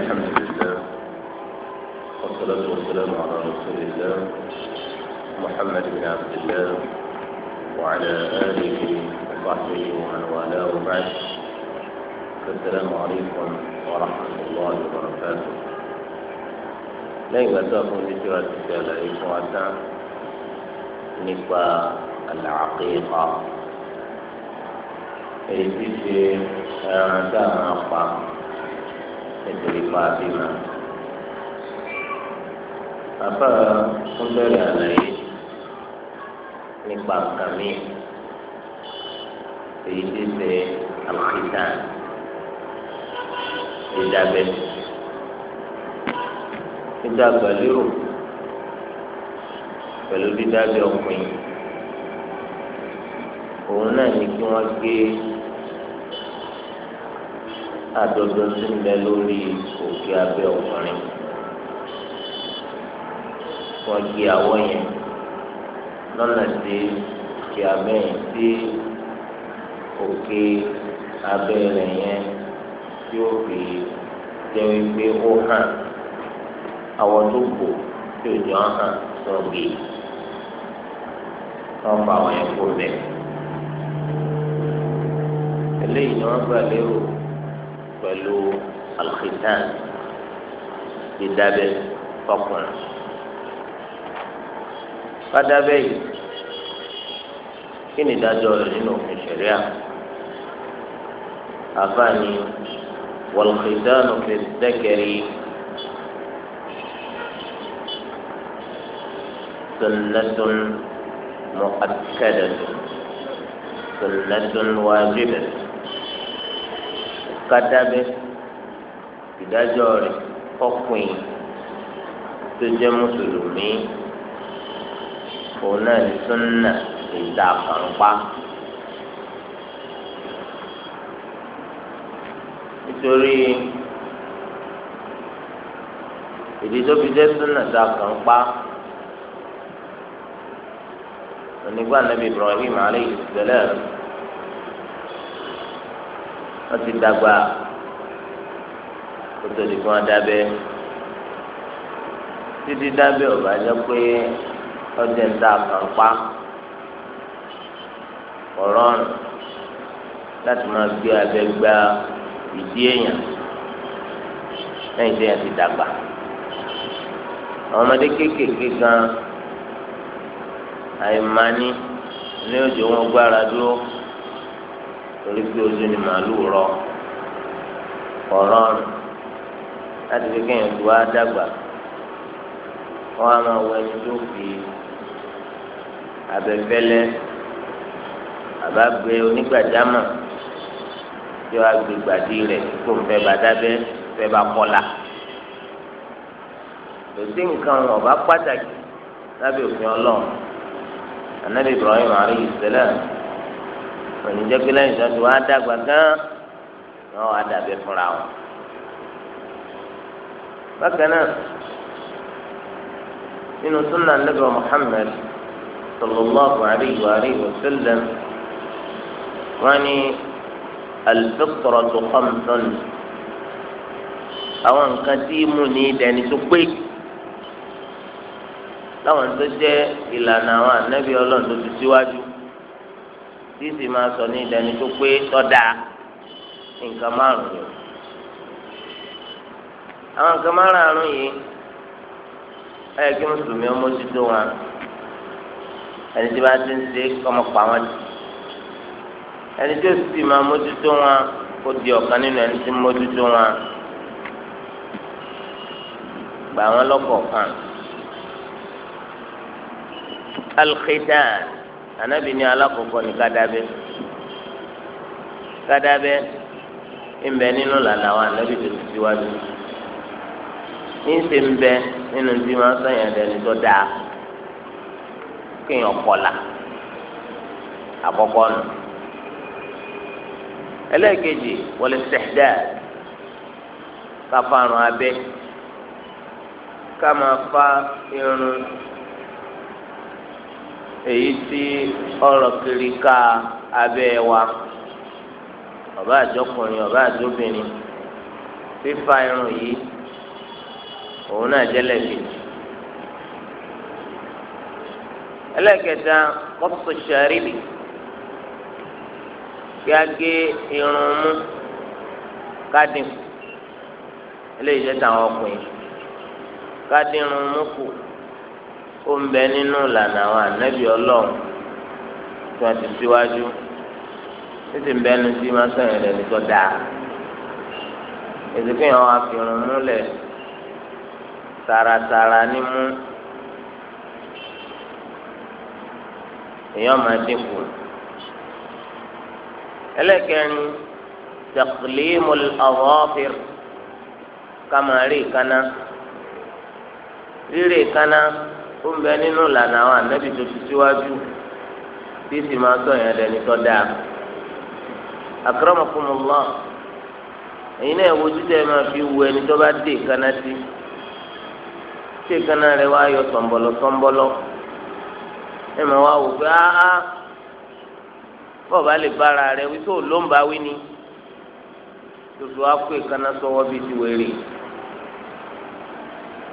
الحمد لله والصلاة والسلام على رسول الله محمد بن عبد الله وعلى آله وصحبه ومن والاه وبعد السلام عليكم ورحمة الله وبركاته لين أتاكم بسورة السلام عليكم نقبى العقيقة èyí ti ṣe ẹran tá nítorí pa bímọ. bàbá ń bẹ̀rẹ̀ àlàyé nípa nǹkan míì èyí tí ṣe àlùkìtà dídábẹ́ dídábẹ́ lérò pẹ̀lú dídábẹ́ ọkùnrin òun náà ní kí wọ́n gbé àdọ̀dọ̀ sí ń bẹ lórí òkè abẹ́ ọkùnrin wọ́n gé àwọ̀ yẹn lọ́nà tí òkè abẹ́ yẹn tí òkè abẹ́ rẹ̀ yẹn tí ó fi jẹ́ wípé ó hàn àwọ̀ tó kù tí òjò hàn sọ̀gì wọ́n fa àwọn ẹ̀kọ́ bẹ̀ eléyìí ni wọ́n gbà lérò. pẹ̀lú ti dábẹ́ fọkùnrin fádábẹ́ yìí kí ni ìdájọ́ rẹ̀ nínú òfin ṣẹ̀ríà àfààní والختان في الذكر سنة مؤكدة سنة واجبة ká dábẹ́ ìdájọ́ rẹ̀ fọkùnrin tó jẹ́ mùsùlùmí òun náà ní súnà ìdá pàǹpá. nítorí ìdí tó fi jẹ́ súnà ìdá pàǹpá onígbà nàbí Ibrahim aleyhi sẹlẹ̀ wọ́n ti dàgbà kótó di fún adábẹ́ títí dábẹ́ ọ̀bà jẹ́ pé ọdẹ ń ta pàǹpá ọ̀rọ̀n láti máa gbé abẹ́ gba ìdí èèyàn lẹ́yìn tí èèyàn ti dàgbà àwọn ọmọdé kéékèèké gan àìmání ní òjò wọn gbára dúró torí pé ojú ni màálùú rọ ọ̀rọ̀rùn láti fi kéèyàn tó wá dàgbà wọ́n á máa wọ ẹni tó fi abẹ́fẹ́lẹ́ àbágbé onígbàjámọ̀ tí wọ́n á gbé gbàdí rẹ̀ tó ń fẹ́ bá dábẹ́ fẹ́ bá kọ́lá òsì nǹkan ọba pàtàkì lábẹ́ òfin ọlọ́run anabi Ibrahim alayhi salam òní jẹ́ pé lẹ́yìn ìtọ́jú wa dàgbà gán náà wà dàbí fúnra wọn. bákan náà nínú súnà nàbẹ Muhammad sallallahu alayhi wa alayhi wa sallam wọn ni alfitratu khamsun àwọn nǹkan tí mú ní dẹni tó pé láwọn tó jẹ́ ìlànà àwọn ànábì tó ti síwájú tí máa sọ ní ilẹ̀ tó pé tọ́da nǹkan márùn-ún yìí àwọn nǹkan márùn-ún yìí ẹ kí mùsùlùmí ọmọ sí tó wọn ẹni tí bá ti ń ṣe ọmọ pa wọn jù ẹni tí ó sì máa mójútó wọn ó di ọ̀kan nínú ẹni tí mójútó wọn gbà wọn lọ́kọ̀ọ̀kan alkhitan anabi ní alákọ̀ọ́kọ́ ní kádàbẹ́ kádàbẹ́ ńbẹ nínú làlà wa anabi tó ti síwájú ńṣe ńbẹ nínú tí wọn sọyìn ẹni tó dáa kéèyàn kọlà àkọ́kọ́ nù ẹlẹ́ẹ̀kejì wọlé sẹ̀dá káfárùn abẹ́ ká máa fa irun èyí tí ọ̀rọ̀ kiri ká abẹ́ wa ọba àjọkùnrin ọba àjọbìnrin fífa irun yìí òun náà jẹlẹ kejì ẹlẹ́kẹta kọ́pùtù sàríbì kí a gé irun mú kádìmù eléyìí jẹ́ tàwọn ọkùnrin kádìmù mú kù ó ń bẹ nínú ìlànà àwọn ànábì ọlọ́run tí wọ́n ti síwájú títí ń bẹnu tí máa sọ̀rọ̀ rẹ̀ nìkan dáa èsìkò yẹn wọ́n á fi irun múlẹ̀ taratara nímú èèyàn máa dínkù ẹlẹ́kẹ̀rin taqlimul azafir ká máa rí ìkànnà rírì ìkànnà ó ń bẹ nínú ìlànà àwọn ànábì tó ti síwájú tí sì máa sọ yẹn dẹni tó dáa akramakumullah ẹ̀yin náà wo títẹ̀ máa fi wo ẹni tó bá dé kaná sí tí kaná rẹ wá yọ sọ̀nbọ̀lọ̀ sọ̀nbọ̀lọ̀ ẹ máa wá wò pé áá bọ́ọ̀bá lè bára rẹ wí ló ń bá wí ni tuntun á kó ìkaná bíi ti wèrè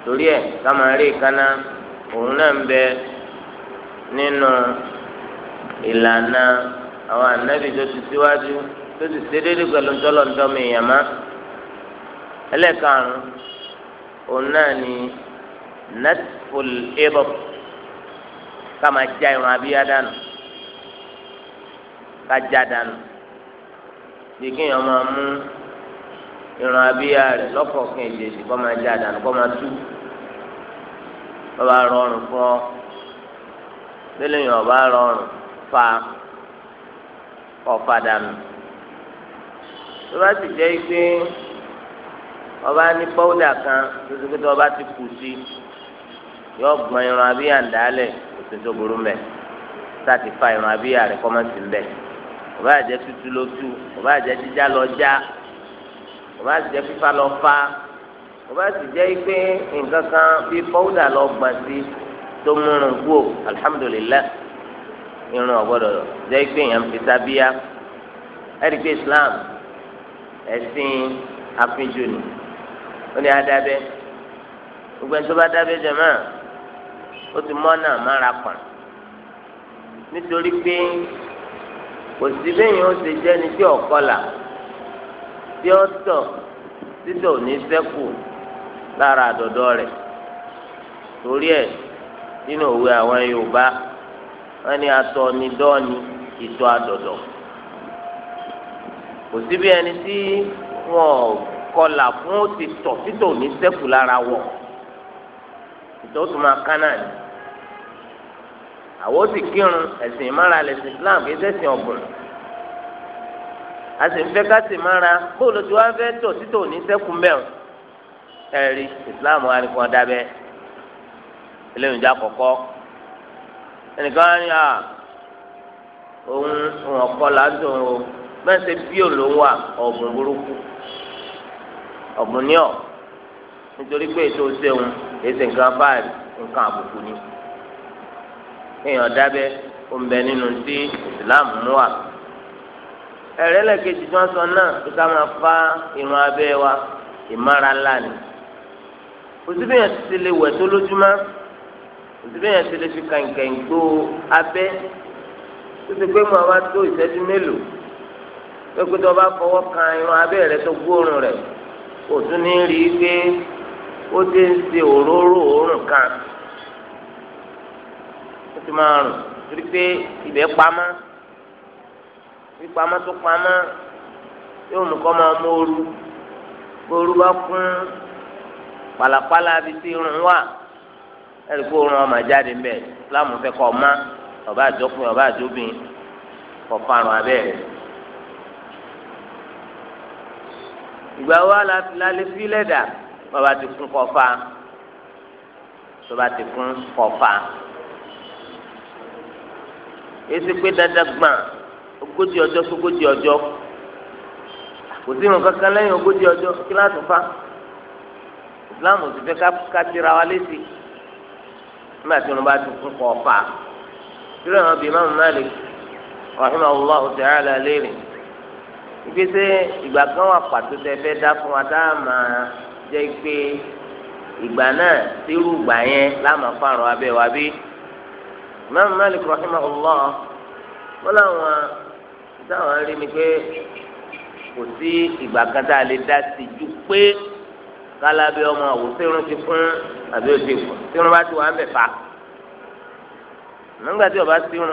torí ẹ̀ ká máa rí ìkaná òun náà ń bẹ nínú ìlànà àwọn ànábì tó ti síwájú tó ti ṣe déédéé pẹ̀lú ńtọ́lọ́ńtọ́mọ èèyàn má ẹlẹ́karùn òun náà ni natful ebob ká máa já irun abíyá dànù ká já dànù bí kéèyàn máa mú irun abíyá rẹ̀ lọ́kọ̀ọ̀kan èjèèjì kó máa já dànù kó máa tú bàbá rọrùn fún ọ bẹ́lẹ̀ yìí ọba rọrùn fa ọ̀fà dànù tó bá ti jẹ́ pé ọba ní pọ́wúdà kan tuntun pé tó ọba ti kù sí yọ gbọ́n irun abíyá ń dálẹ̀ òsì tó burú mẹ́ sáti fa irun abíyá rẹ̀ kọ́ máa ti ń ọba àjẹ́ tútù ló tú ọba àjẹ́ jíjá lọ já ọba àjẹ́ fífa lọ fa kò bá sì jẹ́ pé nǹkan kan bíi pọ́wúdà lọ gbà sí tó múrun kú o alihamudulilayi irun ọ̀gbọ́dọ̀ jẹ́ pé èèyàn fi sábíyá ẹ̀rí pé Islam ẹ̀sìn afinjú ni ó ní adábẹ́ gbogbo ẹni tó bá dábẹ́ jẹ̀mọ́ ó ti mọ́nà mára pọ̀n nítorí pé kò sí bẹ́yìn ó ti jẹ́ ni tí ọ̀kọ́là tí ó tọ̀ títọ̀ ní sẹ́kù lára àdọ̀dọ̀ rẹ̀ torí ẹ̀ nínú òwe àwọn Yorùbá wọ́n ní atọ́ ni dọ́ọ̀ni ìtọ́ àdọ̀dọ̀ kò síbi ẹni tí wọn ò kọlà fún ó ti tọ̀ títò ní sẹ́kù lára wọ̀ ìtọ́ tó máa ká náà ni àwọn ó sì kírun ẹ̀sìn ìmára lẹ̀sìn Islam kì í ṣẹ̀sìn ọ̀gbìn a sì ń fẹ́ ká sì mára bóòlù tí wọ́n fẹ́ tọ̀ títò ní sẹ́kù mẹ́rin ẹ̀rí islam wa ni kò dábẹ́ eléyìí já kọ̀kọ́ ẹnìkan á ní à òun òun ọ̀kọ́ làásùn o mẹ́sẹ̀ bí òun lòún wà ọ̀gbùn burúkú ọ̀gbùn ní ọ̀ nítorí pé ètò ìṣeun èsì nǹkan báyìí nǹkan àbùkù ni èèyàn dábẹ́ ó ń bẹ nínú tí islam mú wa ẹ̀rẹ́lẹ̀kejì tí wọ́n sọ náà kí ká máa fa irun abẹ́ wa ìmára ni òsibí yẹn ti lè wẹ̀ tó lójúmọ́ òsibí yẹn ti lè fi kàǹkàǹ gbó abẹ́ tó ti pé mọ́ àwọn tó ìṣẹ́jú mélòó pé tó bá fọwọ́ kan irun abẹ́ rẹ tó gbóòórùn rẹ̀ kò tún ní rí i pé ó ti ń ṣe òróró òórùn kan ó ti máa rùn torí pé ibẹ̀ pamọ́ pípamọ́ tó pamọ́ yóò mú kọ́ máa mú ooru bó ooru bá kún pàlàpàlà bí ti rùn wá ẹ̀rí kó rùn ọmọ jáde mbẹ islam fẹ́ kọ́ ọ̀ma ọba àjọkùn ọba àjọbìn kọ́ parun abẹ́rẹ́. ìgbà wo alẹ́ fi lẹ́dà bàbá ti kún kọ́ fa bàbá ti kún kọ́ fa esi pé dada gbà ogójì ọjọ́ sógójì ọjọ́ kò sí nǹkan kan lẹ́yìn ogójì ọjọ́ kíláàsì fa islam ò sì fẹ́ ká tira wa létí nígbà tí wọn bá ti kún kọ́ fà á tìrẹ̀ bí imáàmù Malik rahimahullah ta'ala léèrè ìgbésẹ̀ ìgbà kan wà pàtó tẹ fẹ́ dá fún wa tá a máa jẹ́ pé ìgbà náà tírú ìgbà yẹn láàmà fáàrọ̀ abẹ́ wa bí imáàmù Malik rahimahullah wọn làwọn táwọn rí ni pé kò sí ìgbà kan tá a lè dá sí ju pé kálábẹ ọmọ àwò sírun ti kún àbí o ti kù sírun bá ti wà ń bẹ fà nígbà tí o bá sírun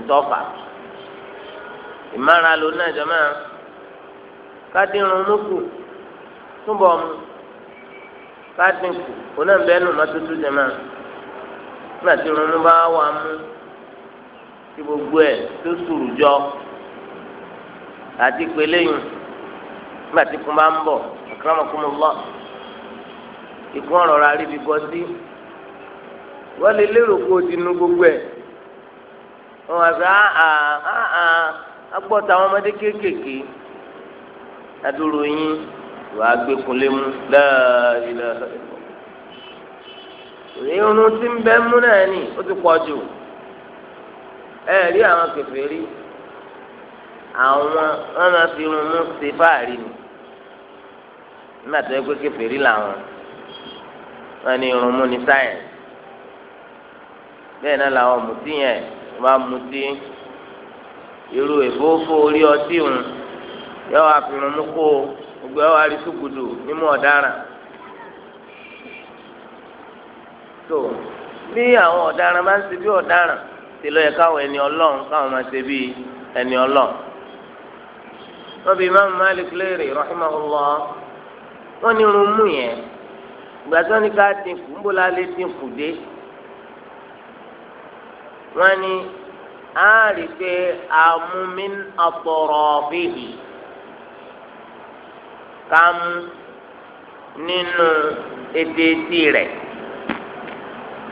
ntọ́ fà ìmára ló náà jọmọ́ kádìrún mùkù túbọ̀ mu kádìkù onáńbẹ́nu mọ́tótó jọmọ́ nígbà tí irun mú bá wà mú tí gbogbo ẹ̀ tó sùrù jọ àti pélé yìí nígbà tí kún bá ń bọ̀ àkàràmọ̀kúnmọ́ lọ́ọ̀ ìgbọ́n rọra rí bí bọ́ sí wọ́n lè lérò pé o ti nu gbogbo ẹ̀ wọ́n wá sọ áhàn ah, áhàn agbọ́ ah, ah, táwọn ọmọdé kéékèèké adúrò yín wàá gbẹkùnlé mú láàrínà irun tí ń bẹ mú náà nì ó ti pọ̀ jù ẹ rí àwọn kèfèrí àwọn wọn máa fi irun mú ṣe fáàrí ni nígbà tó yẹ pé kèfèrí làwọn wọn ní irun mú ní sáyẹn bẹ́ẹ̀ náà làwọn mutí yẹn wọn bá mutí irú ìfowófó orí ọtí òun yọ wá fi irun mú kó gbogbo ẹ wá rí sùkùdù nímú ọ̀daràn tó bí àwọn ọ̀daràn máa ń ṣe bí ọ̀daràn ti lọ yẹ káwọn ẹni Ọlọ́run káwọn máa ṣe bí ẹni Ọlọ́run wọn bí Imam Malik léèrè rahimahullah wọn ní irun yẹn ìgbà tí wọ́n ní ká dín kù ńbó la lè dín kù dé wọ́n ní á rí i pé àmúmi ọ̀pọ̀rọ̀ bíyì ká mú nínú etí rẹ̀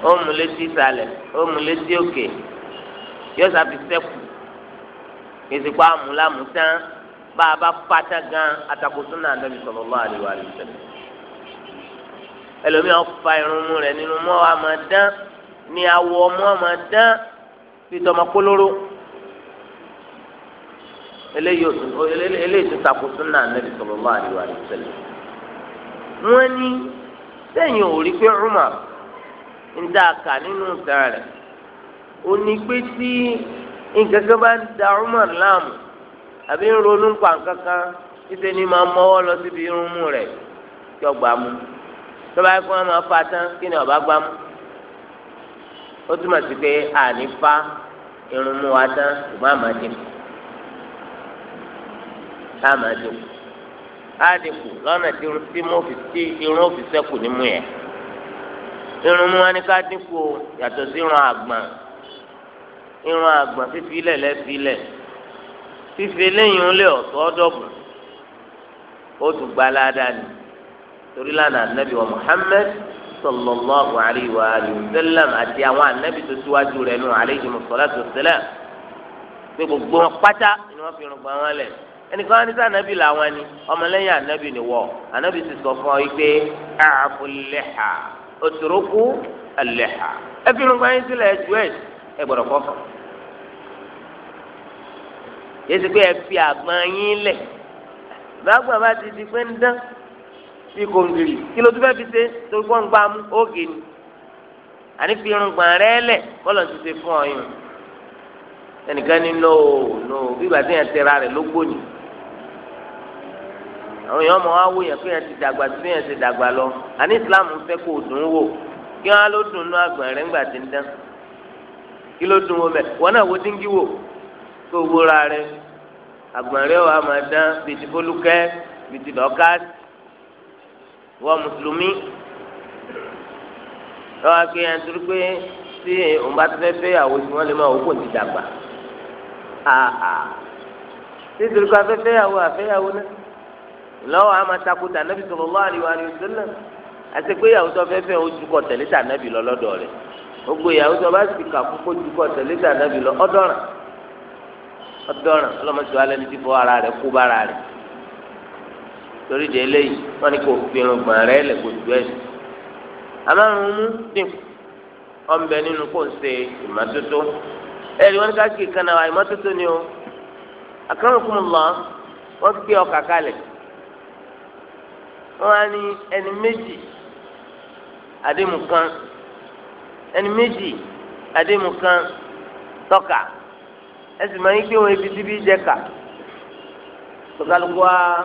ó mú létí ìsàlẹ̀ ó mú létí òkè yóò sábì sẹ́kù ìsìnkú àmúlámú tán bá a bá pátá gan atakoso náà Ànábì sallallahu alaihi wa sallam ẹlòmíràn fa irun mu rẹ̀ nínú mọ́ àmọ́ dán ní awọ ọmọ àmọ́ dán fi tọmọ kólóró eléyìí tó takoso náà nẹbi sallallahu alaihi wasallam wọn ní sẹ́yìn ò rí pé Umar ń dá a kà nínú ìta rẹ̀ ó ní pé tí nǹkan kan bá ń da Umar láàmú àbí ń ronú pa nǹkan kan títí ní máa mọ́wọ́ lọ síbi irun mú rẹ̀ tí ọgbà mú tọ́ba yẹ kó wọn máa fa tán kí ni ọba gbámú ó túmọ̀ sí pé àní fa irun mú wa tán ṣùgbọ́n àmà dínkù àmà dínkù àdínkù lọ́nà tí mo fi tí irun òfì sẹ́kù nímú yẹn irun mú wa ní ká dínkù yàtọ̀ sí irun àgbọ̀n irun àgbọ̀n fífi ilẹ̀ lẹ́fi ilẹ̀ fífi eléyìí ń lé ọ̀tọ̀ ọ̀dọ̀gùn ó tún gbalá dáa ni. torí lánàá anabi wa muhammed sallallahu alayhi wa alihi wa sallam àti àwọn anabi tó síwájú rẹ̀ nù alayhi wa salatu wa salam pé gbogbo wọn pátá ni wọn fi irun gbọn wọn lẹ wọn ní sá anabi làwọn ni ọmọlẹ́yìn anabi ni wọ anabi sì sọ fún ọ yìí pé ààfù lẹha òtòrókù lẹha ẹ fi yín ẹ ju ẹ ẹ yéésì pé bí kòǹgìrì kí ló tún fẹ́ fi ṣe torí wọ́n ń gbà mú ógè ni àní fi irun gbọ̀n rẹ́ lẹ̀ bọ́lọ̀ ti ṣe fún ọyún ẹnìkan ní no no bí ìgbà tí yẹn tẹ̀ra rẹ̀ ló gbóni àwọn èèyàn ọmọ wa wò yẹn pé yẹn ti dàgbà tí yẹn ti dàgbà lọ àní Islam fẹ́ kó dùn wò kí wọn ló dùn nú àgbọ̀n rẹ̀ ńgbà tí ń dán kí ló dùn wò mẹ wọn náà wo díngí wò kó wúra rẹ̀ àgbọ̀n rẹ̀ wà máa dán bìtì fólúkẹ́ wọ́n mùsùlùmí lọ́wọ́ pé ẹ̀ ń torí pé tí òun bá ti fẹ́ fẹ́ ìyàwó tí wọ́n lè máa òkú ti dàgbà tí torí pé afẹ́fẹ́ ìyàwó àfẹ́yàwó náà lọ́wọ́ àmà takuta nàbì sallallahu alaihi wa sallam àti pé ìyàwó tó fẹ́ fẹ́ o kọ tẹ̀lé tà nàbì lọ lọ́dọ̀ rẹ̀ gbogbo ìyàwó tó bá sì kà kókó ojú kọ tẹ̀lé tà nàbì lọ ọ̀dọ́ràn ọ̀dọ́ràn ọlọ́mọ torí de eléyìí wọn ni kò fi irùngbọ̀n rẹ lẹ kò ju ẹsẹ̀ amárùn mú dínkù ọmọbẹ nínú kò ń ṣe ìmọ́tótó ẹni wọn ká kí kan ìmọ́tótó ni o akọrùnkùn lọ wọn gbé ọkà kalẹ̀ wọn á ní ẹni méjì àdéhùn kan ẹni méjì àdéhùn kan tọ́ka máa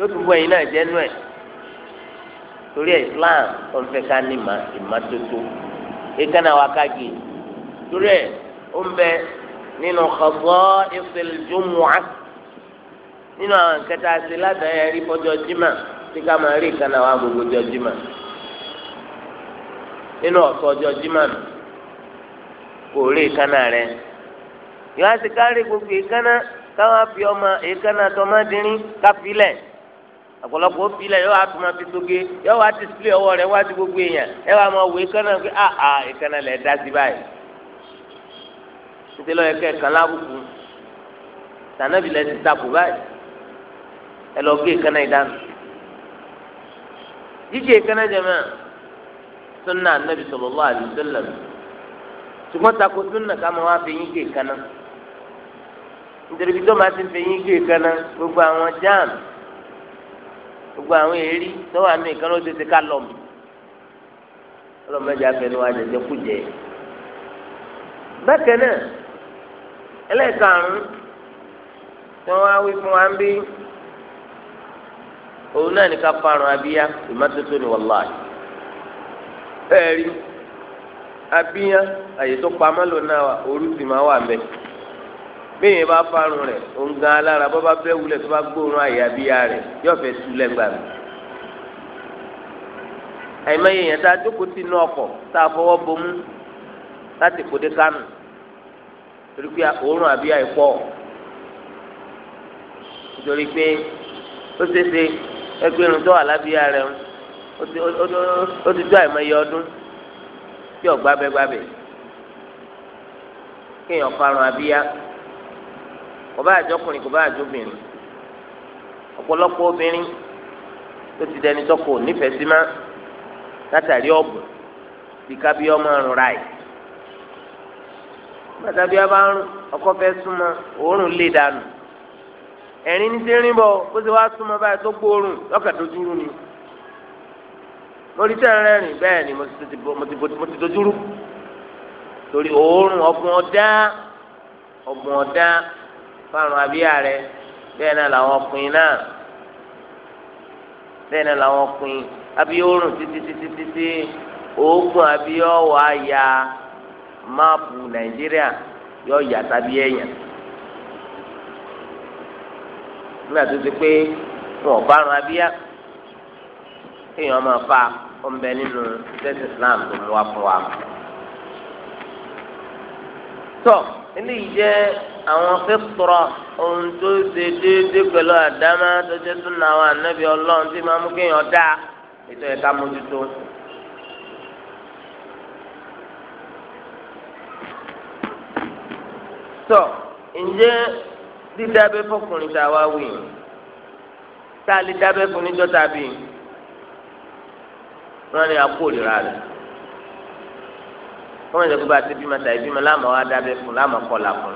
yóò tún bọ ẹyin náà jẹnu ẹ torí ẹ Islam ó ń fẹ́ ká ní ìmọ́tótó èékánná wa ká gé torí ẹ ó ń bẹ nínú khasa'is al-jumu'ah nínú àwọn nǹkan tá a ṣe látàrí ẹrí fọjọ́ jimá tí ká máa rí ìkànnà wa gbogbo jọ jimá nínú ọ̀sọ̀ ọjọ́ jimá kò rí ìkànnà rẹ yóò á ká rí gbogbo ìkànnà káwọn fi ọmọ ìkànnà tọmọdínrín káfílẹ̀ ọ̀pọ̀lọpọ̀ òfìlẹ̀ yóò wá tún máa fi tóge yóò wá display ọwọ́ rẹ̀ wá sí gbogbo èèyàn ẹ wá máa wò ìkànnà pé a ah, a ah, ìkànnà lẹ̀ dá sí báyìí nítorí ọ̀yẹ́ kẹ́ ẹ̀kan lábùkù tànàbì lẹ́ ti báyìí ẹ lọ gé ìkànnà ìdáná jíjẹ ìkànnà jẹmọ́ sunna anabi sallallahu alaihi wasallam ṣùgbọ́n takò sunna ká máa wá fi yín gé ìkànnà nítorí bí tó máa ti fi gé ìkànnà gbogbo àwọn jáàmù gbogbo àwọn èrí tó wà mí kan ló ti ti ká lọ mi ọlọmọdé afẹnú àjẹjẹ kú jẹ bákan náà ẹlẹ́ẹ̀karùn tí wọ́n wí fún wa ń bí òun náà ní ká parun abíyá ni wàláhì ẹ̀rí abíyá àyè tó pamọ́ lò náà máa bẹ́ẹ̀ bá farun rẹ̀ ònga alára bọ́ bá bẹ́ wulẹ̀ tó bá gbóòórùn àyàbíyá rẹ̀ yóò fẹ́ su lẹ́gbà mi. àìmọye yẹn tá a jókòó sí inú ọkọ̀ tá a fọwọ́ bomú láti kó dé kánù torí pé òórùn àbíyá yìí pọ̀ nítorí pé ó ṣeéṣe ẹgbẹ́rún tó wà lábíyá rẹ̀ ó ti tó àìmọye ọdún tí ọ̀gbábẹ́gbábẹ́ kéèyàn farun àbíyá kò bá àjọkùnrin kò bá àjọbìnrin ọ̀pọ̀lọpọ̀ obìnrin tó ti dẹni tọkọ nífẹ̀ẹ́ sí má látàrí ọ̀bùn bí kábíyọ́ máa ń ra ẹ̀ bàtàbí a bá ń ọkọ fẹ́ súnmọ́ òórùn lè dànù ẹ̀rín ní ti rìn bọ̀ bó ti wá súnmọ́ báyìí tó gbóòórùn lọ́kà dojúrú ni lórí tẹ̀rẹ̀ rìn bẹ́ẹ̀ ni mo ti dojúrú torí òórùn ọ̀gbun ọ̀dá ọ̀gbun ọ̀dá. fáwọn abíyá rẹ bẹ́ẹ̀ náà làwọn ọkùnrin náà bẹ́ẹ̀ náà làwọn ọkùnrin abíyórùn títí títí títí oògùn abíyọ́wọ́ àyà máàpù nàìjíríà yọ yà tàbí ẹ̀yàn nígbà tó ti pé wọn fa nínú islam tó mú eléyìí jẹ́ àwọn fẹ́tọ̀rọ̀ ohun tó ṣe déédéé pẹ̀lú àdámá tó jẹ́ tó na àwọn ànábì ọlọ́run tí máa mú kéèyàn dá ètò ẹ̀ka mójútó. tọ́ ǹjẹ́ dídábẹ́ fọkùnrin tá a wá wí tá a lè dábẹ́ fún níjọ́ tàbí wọ́n ní akó ìlera rẹ̀. wọn yẹ kó bá ti bímọ tàbí bímọ láàmú wa dábẹ fún láàmú kọlà fún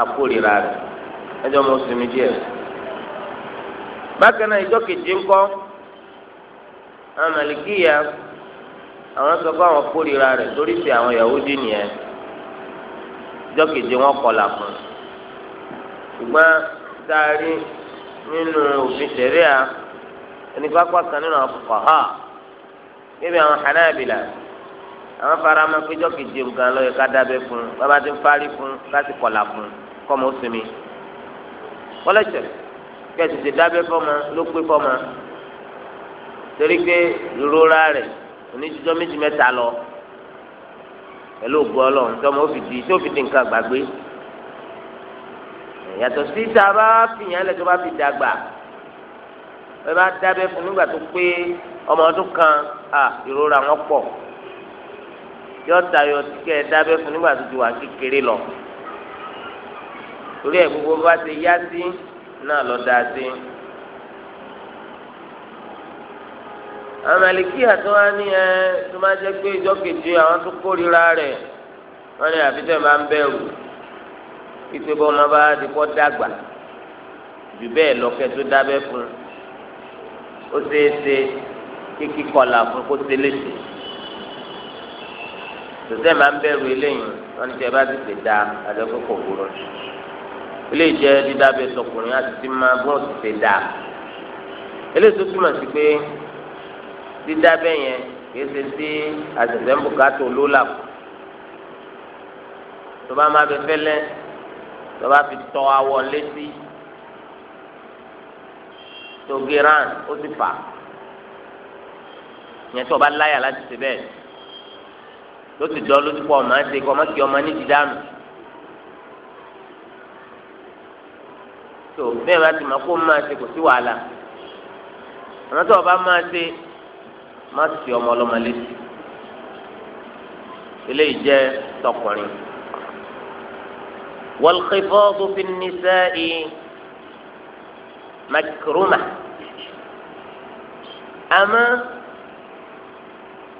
akórira rẹ ẹjọ mo sinmi díẹ̀. bákan náà ìjọ kejì ńkọ àwọn màlìkíyà àwọn sọ pé àwọn kórira rẹ lórí ti àwọn Yahudi nìyẹn ìjọ kejì wọn ha fún ṣùgbọ́n dárí nínú òfin ẹni nínú ha kébì àwọn àwọn farama péjọ kejì nǹkan lọ yẹ ká dábẹ́ fún un bàbá ti ń parí fún un láti kọlà fún un kọmọ sinmi kọlẹsẹ kẹsì ti dábẹ́ fọmọ ló pé fọmọ torí pé ìrora rẹ̀ onídìjọ méjì mẹ́ta lọ pẹ̀lú ògbó Ọlọ́run tí ọmọ ó di tí ó di nǹkan gbàgbé yàtọ̀ sí tá a bá fìyàn lẹ tó bá fi dàgbà ẹ bá dábẹ́ fún nígbà tó pé ọmọ ọdún kan ìrora wọn pọ̀ yọ tayọ kẹ ẹ dábẹ́ fún nígbà tó ti wà kékeré lọ torí ẹ gbogbo bá ti yá sí náà lọ dáa sí. àmàlìkí àtúwá ní ẹ tó máa jẹ pé ìjọ kejì àwọn tó kórìíra rẹ̀ wọn ní àfitẹ máa ń bẹ̀rù pípé bọ́ ọmọ bá ti kọ́ dàgbà jù bẹ́ẹ̀ lọ́kẹ́ tó dábẹ́ fún ó ṣeé ṣe kíkí kọlà fún kó ṣe léṣe tòtẹ́ máa ń bẹ̀rù eléyìí wọn ti ẹ bá ti pè dá àdẹ́kọ̀ kò wúrọ̀ eléyìí jẹ́ dídábẹ́ tọkùnrin àti tí máa bọ́ ti pè dá eléyìí tó túmọ̀ sí pé dídábẹ́ yẹn kìí ṣe sí àtẹ̀tẹ̀ ń bùkátà olólà kù tó bá máa bẹ fẹ́lẹ́ tó bá fi tọ́ awọ létí tó gé rán ó ti fà yẹn tó bá láyà láti ṣe bẹ́ẹ̀ tó ti dọ́ lójú pọ̀ máa ń ṣe kọ́ mọ́kì ọmọ ní ti dànù. tó bẹ́ẹ̀ bá ti mọ̀ kó máa ṣe kò sí wàhálà àmọ́ tó o bá máa ṣe má ti ọmọ ọlọ́mọ létí eléyìí jẹ́ tọkùnrin. والخفاض في النساء مكرمة أما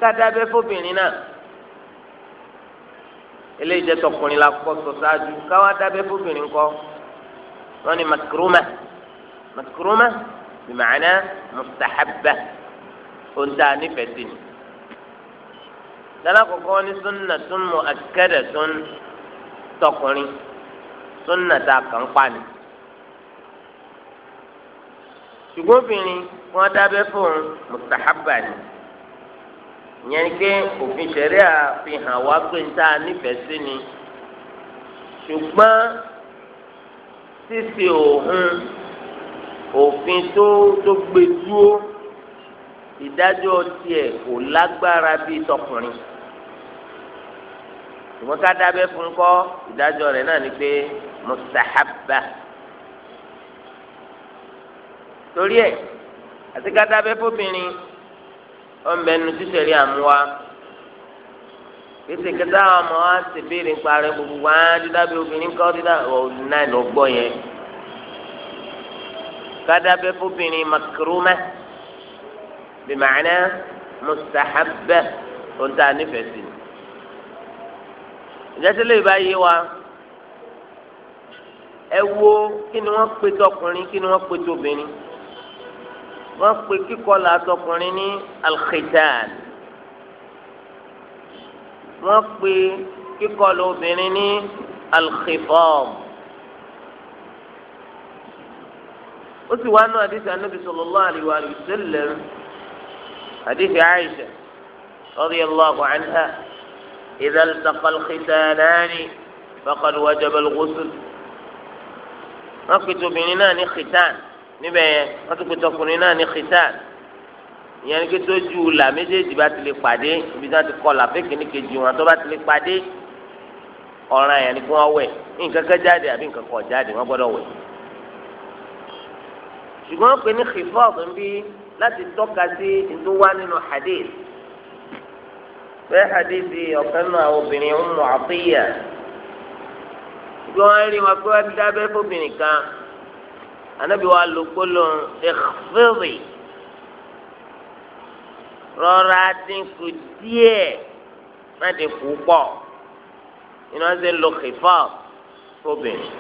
كذا بفبننا eléyìí jẹ́ tọkùnrin la kọ́ sọ ṣáájú káwá dábẹ́ fóbìnrin kọ́ wọ́n ní matukuruma matukuruma bìmọ̀ọ́nà mustahabba ó ń tà nífẹ̀ẹ́ sí ni. lọ́la kọ̀kọ́ ní sunna tún mu akẹ́dẹ̀ tọkùnrin sunna tá a kàn pa ni. ṣùgbọ́n obìnrin wọ́n ni ìyẹn ni pé òfin ṣẹ̀ríà fi hàn wá pé ń tá a nífẹ̀ẹ́ sí ni ṣùgbọ́n ṣíṣe òhun òfin tó tó gbé dúró ìdájọ́ tiẹ̀ kò lágbára bíi tọkùnrin ṣùgbọ́n ká dábẹ́ fún kọ́ ìdájọ́ rẹ̀ náà ni pé mustahaba torí ẹ̀ àti ká dábẹ́ fóbìnrin ọmọbẹnu tíṣẹ̀rí àmúwa pété kẹta àwọn ọmọ wa ṣe béèrè nípa rẹ gbogbo wa dídá bí obìnrin kọ́ dídá ọ̀hún náà lọ gbọ́ yẹn kádàbẹ́ fóbìnrin makrumah bí màánà mustahabbah tó ń tà nífẹ̀ẹ́ sí ni ìjẹ́sílẹ̀ ìbáyé wa ẹ wo kí ni wọ́n pe tọkùnrin kí ni wọ́n pe tóbìnrin wọ́n pe kíkọlà àtọkùnrin ní alkhitan wọ́n pe kíkọlà obìnrin ní alkhifam ó sì wá nú àdìsí anábì sallallahu alaihi wa sallam àdìsí Aisha radiyallahu anha idha iltaqa alkhitanani faqad wajaba alghusl wọ́n pe tobìnrin náà ní khitan níbẹ̀ yẹn wọ́n tún pe tọkùnrin náà ní khitan ìyẹn ní kété ojú là méjèèjì bá ti lè pàdé ibi tí wọ́n ti kọ́ là fẹ́kì ní kejì wọn tó bá ti lè pàdé ọ̀ràn yẹn ni kí wọ́n wẹ̀ nǹkan kan jáde àbí nǹkan kan jáde wọ́n gbọ́dọ̀ wẹ̀ ṣùgbọ́n pé ní khifad ń bí láti tọ́ka sí ìdúwà nínú hadith bẹ́ẹ̀ hadith ọ̀kan náà obìnrin Ummu Atiyya ṣùgbọ́n wọ́n rí wọn pé wọ́n anabi wa lo gbólóhùn ìxfèrè rọra dínkù díẹ̀ má dínkù pọ̀ iná ṣe ń lo xìfà fóbìnrin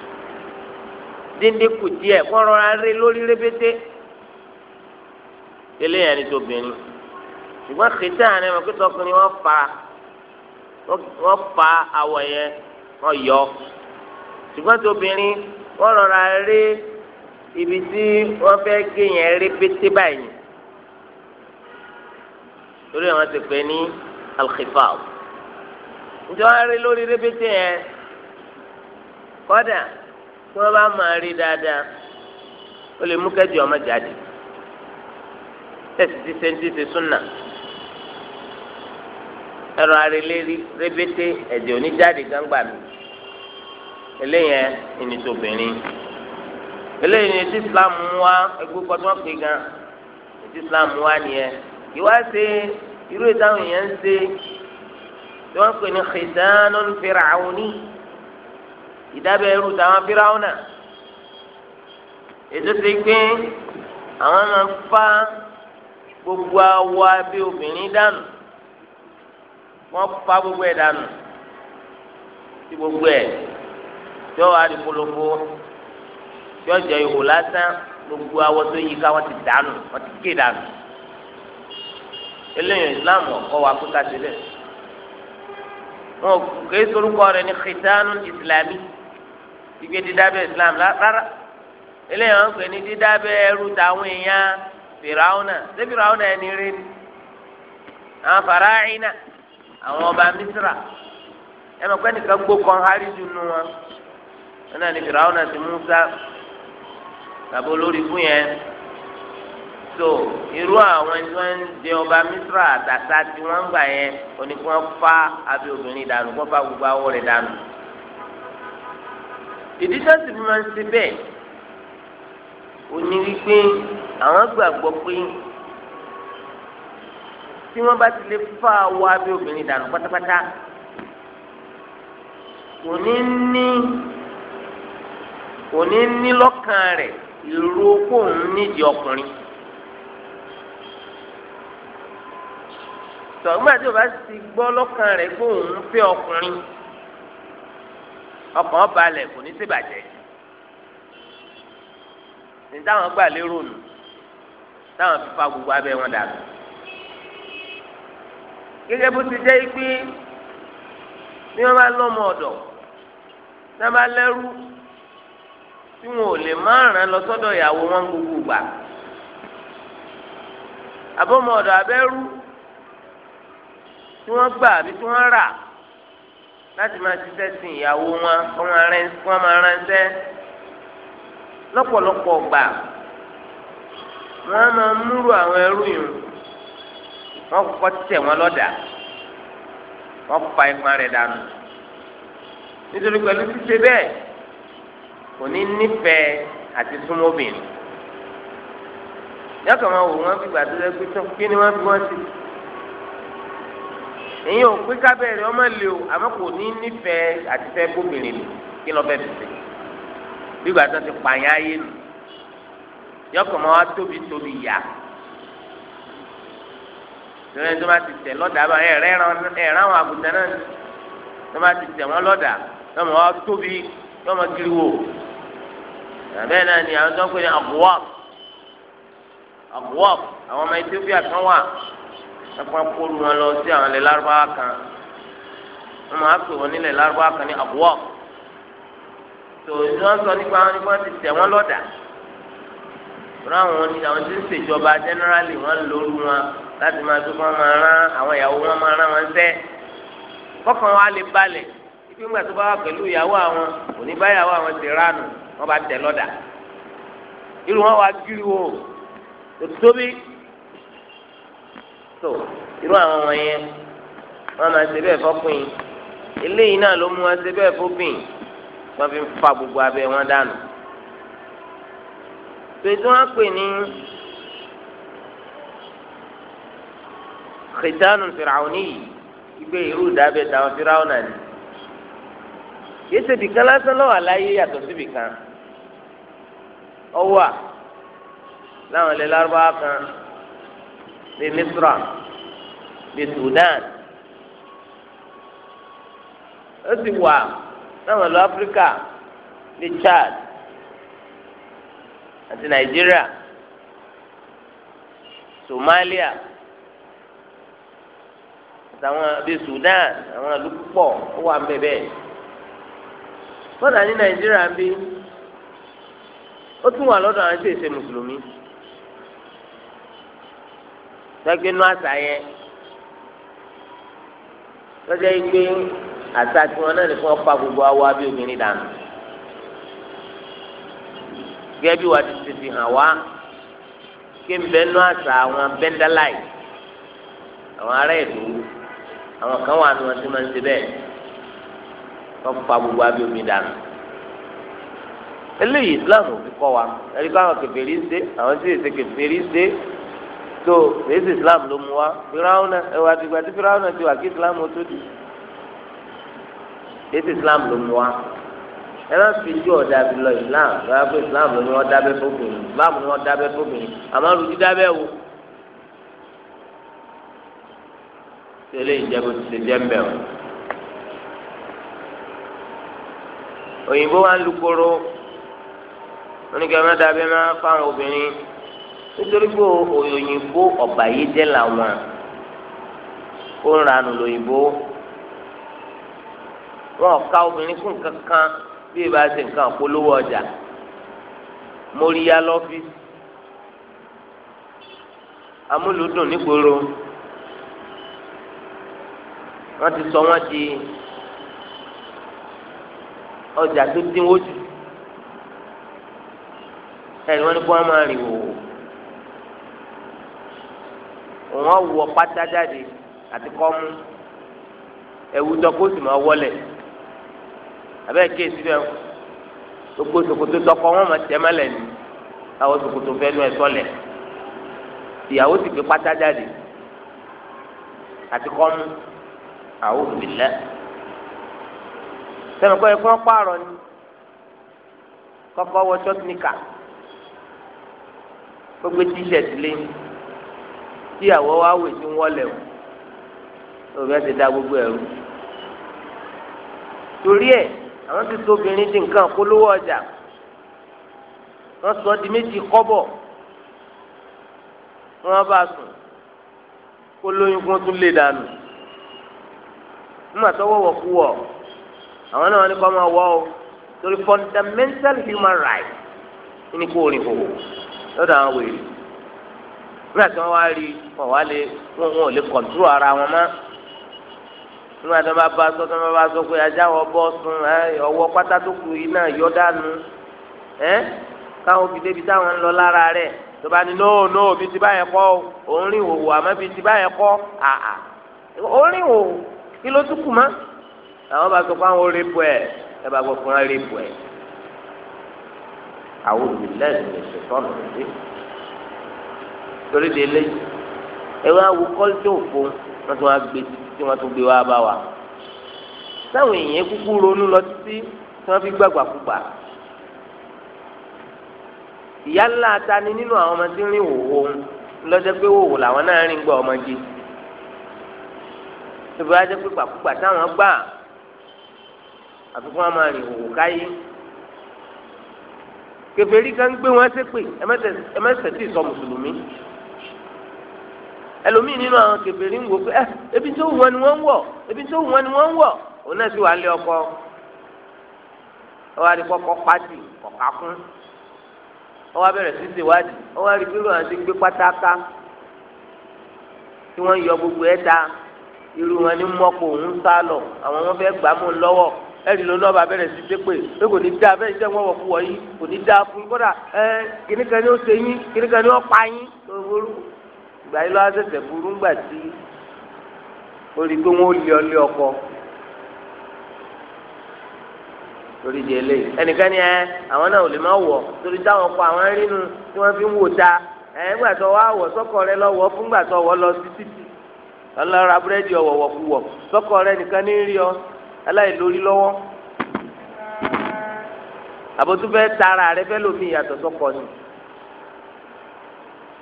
díndínkù díẹ̀ kó rọra rí lórí rébété eléyàn ni tóbìnrin ṣùgbọ́n xìtá ni wọn kí tọkùnrin wọn fa wọn fa awọ yẹn wọn yọ ṣùgbọ́n tóbìnrin wọn rọra rí ibi tí wọ́n fẹ́ gé yẹn rí pété báyìí lórí àwọn ti pè ní alkhifaf njẹ́ wọ́n rí lórí rí pété yẹn kọ́dà tí wọ́n bá máa rí dáadáa ó lè mú kẹ́jọ ọmọ jáde tẹ̀sí ti sẹ́ńtì ti súnà ẹ̀rọ arẹlẹ́rí rẹ́bẹ́tẹ́ ẹ̀jẹ̀ oníjáde gbangba mi eléyẹn ìnìtòbìnrin eléyìí ni ti islam wa ẹgbẹ́ kọ́tọ́ pé gan ti islam wa nìyẹn ìwá ṣe irú ìtàwọn èèyàn ń ṣe tí wọ́n pè ní khitanun firauni ìdábẹ́ irú táwọn firauna ètò ti pé àwọn máa fa gbogbo awọ abẹ obìnrin dànù wọ́n fa gbogbo ẹ̀ dànù tí gbogbo ẹ̀ tí wọ́n wá di polówó yọ jẹ ihò lásán gbogbo awọ tó yí ká wọn ti dànù wọn ti ké dànù eléyìí islam ọkọ wa kó ká sílẹ̀ wọn kéé sorúkọ rẹ̀ ní xitánù islami ìgbé dídábẹ islam rárá eléyìí wọn pè ní dídábẹ ẹrú táwọn èèyàn fìràwọnà ṣé fìràwọnà ẹni rí ni àwọn faraahina àwọn ọba misra ẹ mọ̀ pé nìkan gbó kan hárí jù wọn ẹ náà ní fìràwọnà ti musa tàbí olórí fún yẹn so irú àwọn ẹni wọn ń de ọba misra àtàtà tí wọn ń gbà yẹn oní kí wọn fa abẹ obìnrin dànù kó fa gbogbo awọ rẹ dànù ìdí sẹ́sì fi máa ń ṣe bẹ́ẹ̀ òní wípé àwọn gbàgbọ́ pé tí wọ́n bá ti lè fa awọ abẹ obìnrin dànù pátápátá òní ní òní ní lọ́kàn rẹ̀ irú kóun nídìí ọkùnrin. tọ́gbà tí o bá ti gbọ́ lọ́kàn rẹ̀ pé òun fẹ́ ọkùnrin ọkàn balẹ̀ kò ní ṣèbàjẹ́ ní táwọn gbà lérò nù táwọn fi fa gbogbo abẹ́ wọn dàgbà gẹ́gẹ́ bó ti jẹ́ pé bí wọ́n bá lọ́mọ ọ̀dọ̀ tí wọ́n bá lẹ́rú. tí wọn ò lè má ràn lọ sọ́dọ̀ ìyàwó wọn gbogbo gbà àbọmọ ọdọ abẹrú tí wọn gbà àbí tí wọn rà láti máa ṣiṣẹ́ sí ìyàwó wọn kọ́ wọn máa ránṣẹ́ lọ́pọ̀lọpọ̀ gbà wọn máa múrò àwọn ẹrú yìí wọn wọn wọn pa ipa kò ní nífẹ̀ẹ́ àti súnmọ́bìnrin yàtọ̀ máa wò wọ́n fi gbà tó lẹ́gbẹ́ tán kí ni wọ́n fi wọ́n sí èyí ò pé kábẹ́ẹ̀rẹ́ ọmọ lè o àmọ́ kò ní nífẹ̀ẹ́ àti fẹ́ bóbìnrin lò kí lọ́ọ́ bẹ́ẹ̀ fi ṣe bí gbà tó ti pààyàn ayé nù yọkọ̀ máa wá tóbi tóbi yá lórí tó bá ti tẹ̀ lọ́dà bá ẹ̀rẹ́ ẹ̀rán àwọn àgùntàn náà tó bá ti tẹ̀ wọ́n lọ́dà yọmọ wá tóbi yọmọ kiri bẹ́ẹ̀ náà ni àwọn tó ń pè ní abuwab abuwab àwọn ọmọ Ethiopia kan wà ẹ̀fọn kóru wọn lọ sí àwọn ilẹ̀ lárúbáwá kan wọ́n máa pè wọ́n nílẹ̀ lárúbáwá kan ní abuwab tó ní wọ́n sọ nípa wọn nípa ti tẹ̀ wọ́n lọ́dà wọn àwọn ní àwọn tí ń ṣèjọba generally wọ́n lóru wọn láti máa tó kọ́ máa rán àwọn ìyàwó wọn máa rán wọn sẹ́ kọ́kàn wa lè balẹ̀ ibi ńgbà tó bá wà pẹ̀lú ìyàwó wọn bá tẹ lọ́dà irú wọn wá gírí wo òtóbi tó irú àwọn wọn yẹn wọn máa ṣe bẹ́ẹ̀ fọkùn yìí eléyìí náà ló mú wọn ṣe bẹ́ẹ̀ fọkùn yìí wọn fi ń fa gbogbo abẹ wọn dànù pèsè wọn pè ní xitanu firawuni yìí ìgbé irú ìdábẹ táwọn firawuna ni kìí ṣe bìkan lásán lọ́wọ́ àláyé yàtọ̀ sí bìkan ọwọ́ à láwọn ilẹ̀ lárúbáwá kan bíi misra bíi sudan ó sì wà láwọn ìlú áfíríkà bíi chad àti nàìjíríà somalia àtàwọn bíi sudan àwọn ìlú púpọ̀ ó wà ń bẹ̀ bẹ́ẹ̀ kọ́dà ní nàìjíríà ń bí ó tún wà lọ́dọ̀ àwọn tí èsè mùsùlùmí gbẹgbẹ́ nú àṣà yẹn lọ́jọ́ yìí pé àṣà tiwọn náà nìkan pa gbogbo awọ abẹ́ obìnrin dànù gẹ́gẹ́ bí wà á ti tètè hàn wá kí n bẹ nú àṣà àwọn bẹ́ńdáláì àwọn ará ìlú àwọn kan wà nù wọn tí wọ́n ti bẹ́ẹ̀ tọ́fà gbogbo abẹ́ omi dànù eléyìí islam ò fi kọ́ wa ẹni pé àwọn kèfèrí ṣe àwọn tí èsè kèfèrí ṣe tó èsè islam ló mú wa firawuna ẹwà àtìgbà tí firawuna ti wà kí islam ó tó di èsè islam ló mú wa ẹ má fi ju ọ̀dà bí lọ islam lọ́wọ́ pé islam ló ní wọ́n dábẹ́ fóbìnrin islam ní wọ́n dábẹ́ fóbìnrin àmọ́ lùdí dábẹ́ wo. tẹ́lẹ̀ ìjẹ́bù ti ṣe jẹ́ mbẹ́ o. òyìnbó wa ń lu koro oníkẹ́ ọmọ dàbí máa fáwọn obìnrin nítorí pé òyìnbó ọ̀bà yìí jẹ́ làwọn ó ń ranù lòyìnbó wọn ká obìnrin fún nǹkan kan bí ìbá ṣe nǹkan polówó ọjà móríyá lọ́fíìsì amúlùdùn nígboro wọn ti sọ wọn di ọjà tó dínwó jù ẹni wọn ni kó wọn máa rìn wò wọn wọ pátá jáde àti kọ́mú ẹ̀wù dọ́kó sì máa wọlé abẹ́ kéésì bẹ́ẹ̀ gbogbo ṣòkòtò dọ́kọ wọn máa tẹ́ mẹ́lẹ̀ ni àwọn ṣòkòtò fẹ́ nu ẹ̀ sọ́lẹ̀ ìyàwó sì gbé pátá jáde àti kọ́mú àwọn òbí lẹ́ẹ̀ sẹ́mi kọ́ ẹ kọ́ pààrọ̀ ni kọ́kọ́ wọ ṣọ́tìníkà gbogbo t-shirt lé tíyàwó wa wè tí ń wọlé o òbí ẹ ti da gbogbo ẹrú torí ẹ àwọn ti so obìnrin di nǹkan polówó ọjà wọn sọ di méjì kọ́bọ̀ wọn bá sùn kó kó tún lè dànù nígbà tó kú wọ àwọn náà ní kọ́ máa wọ́ o torí fundamental human right ní kó orin hò lọ́dọ̀ àwọn wèrè nígbà tí wọ́n wá rí wọn wá lé wọn ò lè control ara wọn mọ́ nígbà tí wọ́n bá bá sọ tí wọ́n bá sọ pé ajá wọn bọ́ sun ọwọ́ pátá tó yọ dànù káwọn fi débi táwọn ń lọ lára rẹ̀ tó bá ní nóò nóò bíi ti báyẹn kọ́ òun rìn òwò àmọ́ bíi ti báyẹn kọ́ àà òun rìn òwò kí ló tún mọ́ àwọn bá sọ pé àwọn orí bu ẹ ẹ bá gbọ́ fún orí bu ẹ àwọn òbílẹ̀ lè ṣe tọ́nù sí torí de lé ẹ wá wo kọ́lítì òfo wọ́n tún wá gbé tí wọ́n tún gbé wá bá wa táwọn èèyàn kúkú ronú lọ títí tí wọ́n fi gbàgbà kúgbà ìyá ńlá ta ni nínú àwọn ọmọ tí ń rìn wòwò lọ́jọ́ pé wòwò làwọn náà rìn gbọ́ ọmọge tó bá jẹ́ pé gbàkúgbà táwọn gbà àfi kí wọ́n máa rìn òwò káyé kèfèrí kan gbé wọn ṣépè ẹ mẹsẹ tí sọ mùsùlùmí ẹlòmíì nínú àwọn kèfèrí ń wò pé ẹ eh, ebi tó wù wọn ni wọ́n ń wọ̀ ebi tó wù wọn ni wọ́n ń wọ̀ òun náà sì wà lé ọkọ ọwọ́ adìpọ kọ pàtì ọkà kún ọwọ́ abẹ̀rẹ̀ sí ṣèwádìí ọwọ́ arìgbéró àti gbé pátáká tí wọ́n yọ gbogbo ẹ ta irú wọn ni mọkò ń sálọ àwọn wọ́n fẹ́ẹ̀ gbàmù lọ́wọ́. ẹ̀rí ló lọ́ba bẹ̀rẹ̀ sí dépè pé kò ní dá abẹ iṣẹ́ wọn wọ̀ fún wọ̀nyí kò ní fún kódà ẹ kìnnìkan ni ó se yín kìnnìkan ni ó pa yín lóru ìgbà yìí lọ́wọ́ sẹ̀sẹ̀ burú ńgbà tí ọkọ torí di eléyìí ẹnìkan ni ẹ àwọn náà ò lè má wọ̀ torí táwọn kọ àwọn rínú fi ń wò ta ẹ ńgbà tó wá rẹ lọ sí títì kú aláìlórí lọ́wọ́ àbótú fẹ́ tara rẹ fẹ́ lómi ìyàtọ̀ sọ́kọ ni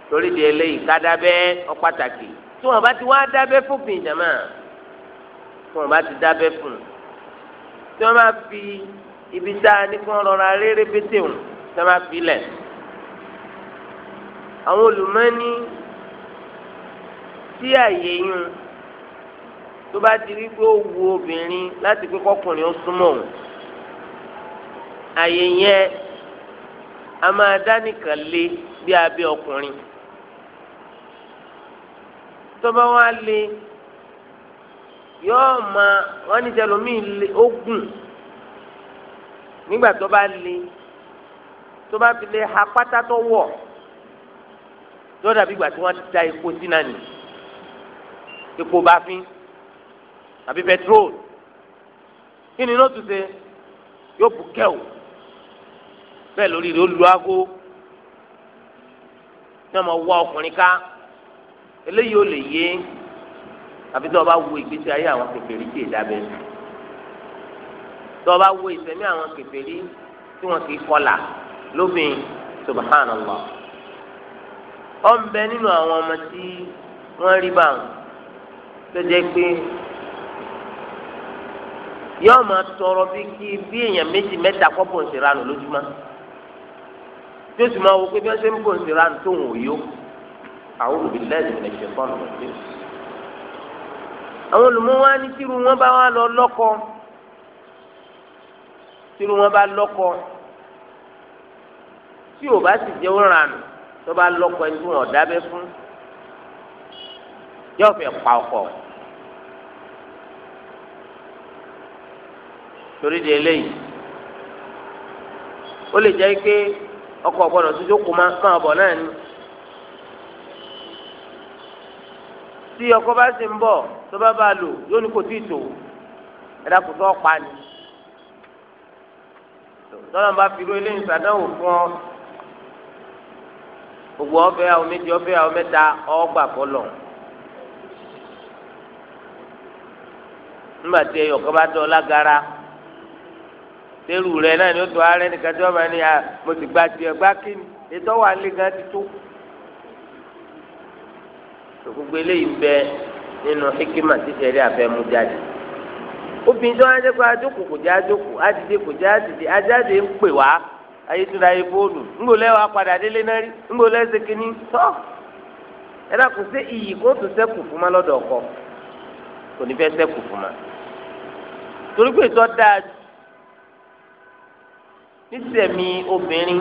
torí di eléyìí kádàbẹ́ ọ̀pàtàkì tí wọ́n bá ti wá dábẹ́ fòfin ìjàmà tí wọ́n bá ti dábẹ́ fún un tí wọ́n bá fi ibi tá a ní kí wọ́n rọra rere pété òun tí wọ́n bá fi lẹ̀ àwọn olùmọ́ni tí àyè yún tó bá di wípé ó wu obìnrin láti pé kọkùnrin ó súnmọ́ òun àyè yẹn a máa dá nìkan lé bí abẹ́ ọkùnrin tó bá wá lé yóò máa wọ́n ní tẹlómìn lé ó nígbà tó bá lé tó bá fi lé ha pátá tó tó dàbí ìgbà tí wọ́n ti da epo sí náà nì epo bá fín àbí petrol. kí ni nóòtù ṣe yóò bù kẹ́wò bẹ́ẹ̀ lórí rẹ̀ ó lu aago ní ọmọ wá ọkùnrin ká eléyìí ó lè yé àbí tó o bá wo ìgbésí ayé àwọn kèfèrí tí èdábẹ́ tó o bá wo ìsẹ̀mí àwọn kèfèrí tí wọ́n kì í kọlà lóbìn subhanallah ọ̀nbẹ nínú àwọn ọmọ tí wọ́n rí báwọn tó jẹ́ pé yóò máa tọrọ bí kí bí èèyàn méjì mẹ́ta kọ́ bò ń ṣe ranù lójúmọ́ tí o sì máa wo pé bí wọ́n ṣe ń bò ń ṣe ranù tóun ò yó àwọn olùbílẹ̀dì ní ṣe fọ́ọ̀nù lọ́sẹ̀. àwọn olùmọ́wá ní tírú wọn bá wá lọ lọ́kọ tírú wọn bá lọ́kọ tí ò bá sì jẹ́ ó ranù tó bá lọ́kọ ẹni tí wọn ò dábẹ́ fún yóò fẹ́ pa ọkọ. torí di eléyìí ó lè jẹ́ pé ọkọ̀ gbọ́dọ̀ tó jókòó máa kàn ọ̀bọ̀ náà ni tí ọkọ̀ bá sì ń bọ̀ tó bá bá lò yóò ní kò tí ì tò ẹ̀dá kò tó ọ̀pá ni tọ́lá bá fi ru eléyìí sàdáwò fún ọ gbogbo ọbẹ̀ àwọn méjì ọbẹ̀ àwọn mẹ́ta ọgbà bọ́lọ̀ nígbà tí ẹyọ̀ bá dọ̀ lágara. tẹ́rù rẹ náà ni ó tó ara ẹnìkan tí wọ́n máa ní à ti gba tiẹ̀ gbá kíni ètò wà lé gan ti tó. gbogbo eléyìí bẹ nínú hikima títẹ̀rí àfẹ́mú jáde. obìnrin tí wọ́n á jẹ́ pé ajókòó kò jẹ́ ajókòó ádìdé kò jẹ́ ádìdé ajáde ń pè wá ayétura ayé fóònù ńgbò lẹ́wàá padà délé náà rí ńgbò lẹ́sẹ̀ kínní tọ́ ẹ ma lọ́dọ̀ ọkọ kò ní fẹ́ sẹ́kù fún ma torí pé nísẹ̀mí obìnrin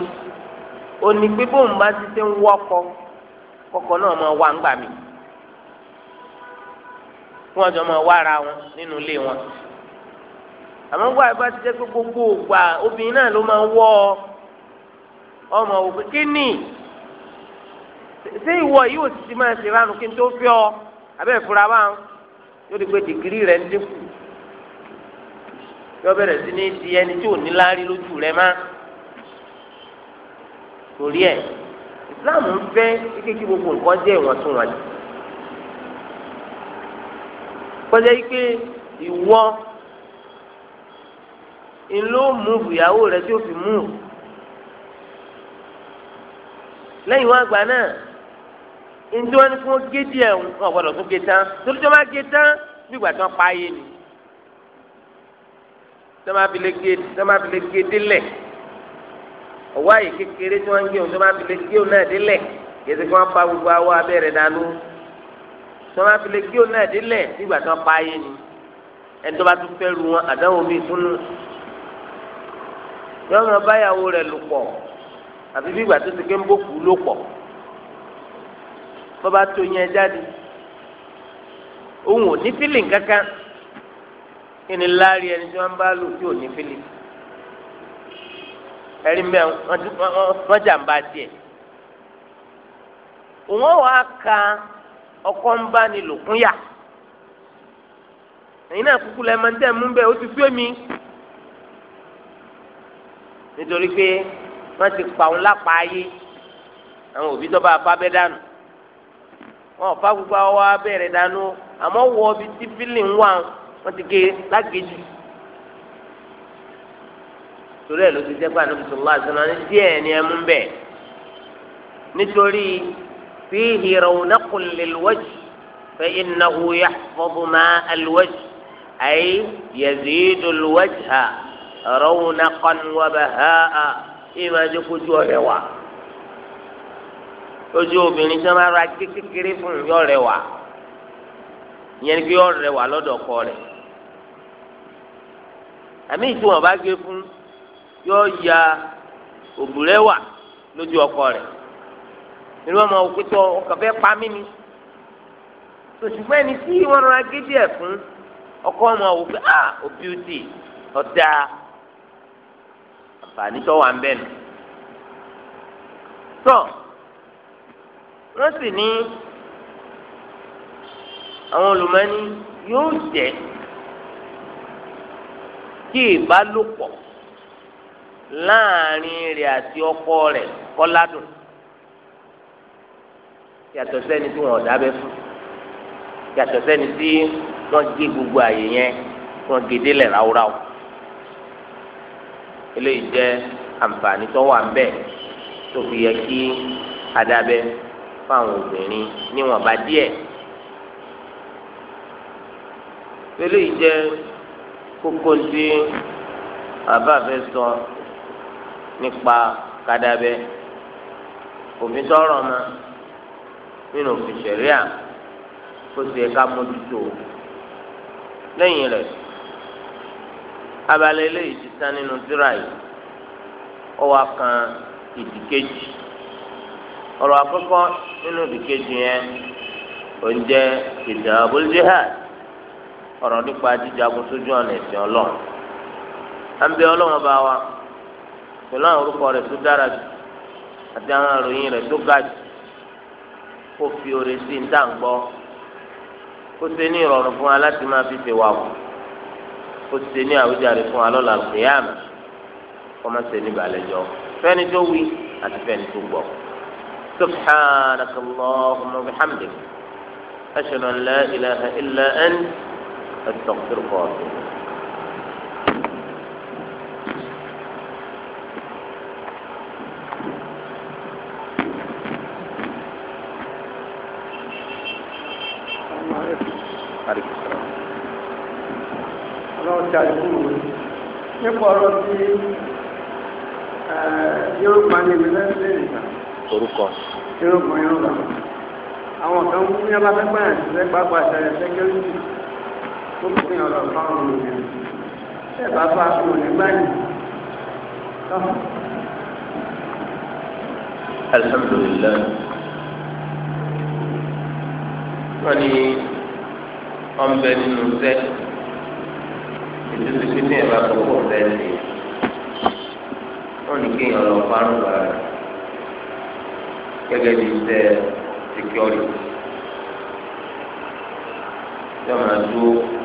òní pé bóun bá ti ṣe ń wọ́kọ kọkọ náà máa wá ń gbà mí kí wọ́n jọ máa wá ara wọn nínú ilé wọn àmọ́ gbọ́ àìbá ti jẹ́ pé gbogbo ògbà obìnrin náà ló máa wọ́ ọmọ òkú kí ṣé ìwọ yìí ò sì ti máa ṣe ránu kí n tó fi ọ abẹ́ ìfura báwọn yóò di pé dìgírì rẹ̀ ń dínkù yọ bẹ̀rẹ̀ sí ní di ẹni tí ò ní láárí lójú rẹ má torí ẹ Islam ń fẹ́ kíkékí gbogbo nǹkan jẹ́ ìwọ̀ntúnwọ̀nsì kọjá yìí pé ìwọ ńlọ múùbù ìyàwó rẹ tí ó fi múùbù lẹ́yìn wọn àgbà náà ntí wọn ni kí wọn gé díẹ̀ wọn gbọ́dọ̀ tún gé tán torí tí wọn bá gé tán bí ìgbà tí wọn pa ayé ni tẹ́máfilé gé délẹ̀ ọwọ́ àyè kékeré tí wọ́n ń gé òun tẹ́máfilé gé òun náà délẹ̀ yẹtí kí wọ́n pa gbogbo awọ abẹ́rẹ́ dànù tẹ́máfilé gé òun náà délẹ̀ nígbà tí wọ́n pa ayé ni ẹni tó bá tún fẹ́ lu wọn àdáwọ̀ mi túnú yọ̀ọ́ mọ̀ báyàwó rẹ̀ lò pọ̀ àbí bí ìgbà tó ti ké ń bókù ló pọ̀ bọ́ba tó yẹn jáde òun ò ní fílìn kankan kí ni láàrí ẹni tí wọ́n bá lò tí ò ní fílì ẹ̀rí mbẹ́ wọ́n jàǹbá tiẹ̀ wọ́n wàá ka ọkọ ń bá ni lòkún yà ẹ̀yin náà kúkú lẹ́ẹ̀ máa ń tẹ̀ mú bẹ́ẹ̀ ó ti fẹ́ mi nítorí pé wọ́n ti pa òun lápá ayé àwọn òbí tó bá fa bẹ́ dànù wọn ò fa gbogbo àwọn abẹ́rẹ́ dànù àmọ́ wọ ibi tí fílì ń wà wọn wọ́n ti gé lágbèjì torí ẹ̀ ló ti jẹ́ pé àná bìtò lọ́wọ́ àti náà díẹ̀ ni ẹ mú bẹ̀ nítorí fíhì rọ̀nàkùn lèlwọ́jì fẹ́ iná wúyà fọ́bùmá àlùwọ́jì àyè yẹ̀zìdù lùwọ́jì hà rọ̀nàkùn wọ́bẹ̀ hà á ìmọ̀ kojú ọ̀rẹ́ wa ojú obìnrin tí ra kékeré fún yọ̀ọ̀rẹ́ wa ìyẹn ni pé ó rẹwà lọ́dọ̀ ọkọ rẹ̀ àmì tí wọn bá gé fún yóò ya òbúrẹ́wà lójú ọkọ rẹ̀ nínú ọmọ òkútọ ọkọ fẹ́ pa mí ni tòṣùgbọ́n ẹni tí wọ́n rọra gé díẹ̀ fún ọkọ ọmọ wò pé ah o beauty ọ̀dà àǹfààní tó wà ń bẹ̀ nù. tọ́ wọ́n sì ní àwọn olùmọ́ni yóò jẹ́ kí ìbálòpọ̀ láàrin rẹ̀ àti ọkọ rẹ̀ kó ládùn yàtọ̀ sẹ́ni tí wọ́n dábẹ́ fún yàtọ̀ sẹ́ni tí wọ́n gé gbogbo àyè yẹn wọ́n gédé lẹ̀ ráúráú eléyìí jẹ́ àǹfààní tó wà ń bẹ tó fi yẹ kí adábẹ́ fáwọn obìnrin níwọ̀nba díẹ̀. eléyìí jẹ́ kókó tí àbá fẹ́ sọ nípa kádàbẹ́ òfin tọrọ ọmọ nínú òfin ṣẹ̀ríà kó sì ká mójútó lẹ́yìn rẹ̀ abalẹ̀ eléyìí ti tán nínú tírà yìí ó wá kan ìdíkejì ọ̀rọ̀ àkọ́kọ́ nínú ìdíkejì yẹn ó ń jẹ́ ìdààbò jihad ọ̀rọ̀ nípa jíjagun sójú ọ̀nà ẹ̀sìn ọlọ́run à ń bẹ ọlọ́run bá wa pẹ̀lú àwọn orúkọ rẹ̀ tó dára jù àti àwọn àròyìn rẹ̀ tó ga jù kó fi oore sí ní tá à ń gbọ́ kó ṣe ní ìrọ̀rùn fún wa láti máa fi ṣe wà wò kó ṣe ní àwíjàre fún wa lọ́la kìyàmù kó má ṣe ní ìbàlẹ̀jọ́ fẹ́ni tó wí àti fẹ́ni tó gbọ́. سبحانك اللهم وبحمدك أشهد أن لا إله إلا أنت أستغفرك وأتوب ọjà ìkúrò nípa ọ̀rọ̀ tí yorùbá ní ìlú lẹ́sẹ̀ ìgbà. orúkọ. yorùbá yorùbá àwọn kan ń yára fẹ́ gbà ẹ̀ ṣẹ́gbàgbà ṣẹlẹ̀ ṣẹ́gbẹ́rì tó fi ọ̀rọ̀ fáwọn ènìyàn ṣé bàbá mi ò ní báyìí. alhamdulilayi wọ́n ní ọ̀nbẹ nínú sẹ́ ìdílé pípé ẹ̀ bá kókó ọ̀bẹ ní wọ́n ní kéèyàn lọ fárùn bàrà gẹ́gẹ́ bí sẹ́ security yọ̀ọ́ máa dúró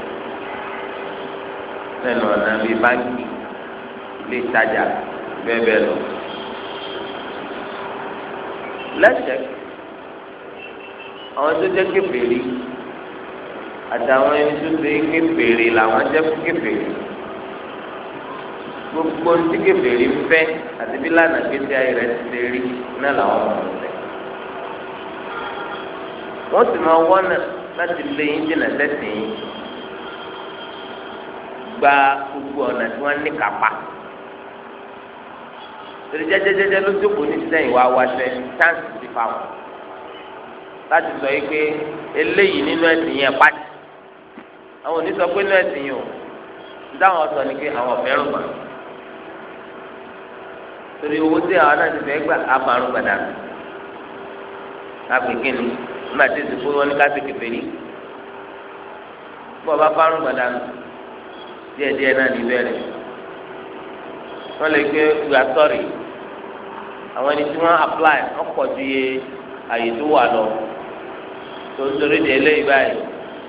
lẹ́nu ọ̀nà bíi báńkì ilé ìtajà bẹ́ẹ̀ bẹ́ẹ̀ lọ. lẹ́sẹ̀ àwọn tó jẹ́ kébèrè àtàwọn ẹni tó jẹ́ kébèrè làwọn jẹ́ kébèrè gbogbo tí kébèrè ń fẹ́ àti bí lánàá gbèsè ayé rẹ̀ ti ṣe rí náà làwọn ọmọ rẹ̀ wọ́n sì máa wọ́nà láti lé yín jìnnà sẹ́sìn yín gba gbogbo ọ̀nà tí wọ́n ní kápá torí jẹjẹjẹjẹ ló jókòó ní sẹ́yìn wá wáṣẹ táǹsì ti fa wọn láti sọ yìí pé eléyìí nínú ẹ̀sìn yẹn pàtì àwọn òní sọ pé nínú ẹ̀sìn yìí o dáhùn ọ̀sọ̀ ni pé àwọn ọ̀fẹ́ rùgbà torí owó tí àwọn náà ti fẹ́ gbà àbàrùn gbàdá àgbègbè ni nígbà tí èsì fún wọn ní ká ti bọ́ọ̀ bá bá rùn gbàdá nù díẹ̀díẹ̀ náà ní bẹ̀rẹ̀ wọn lè gbé ìgbà sọrí àwọn ẹni tí wọn apply wọn pọ̀ ju iye àyè tó wà lọ tó ń torí di eléyìí báyìí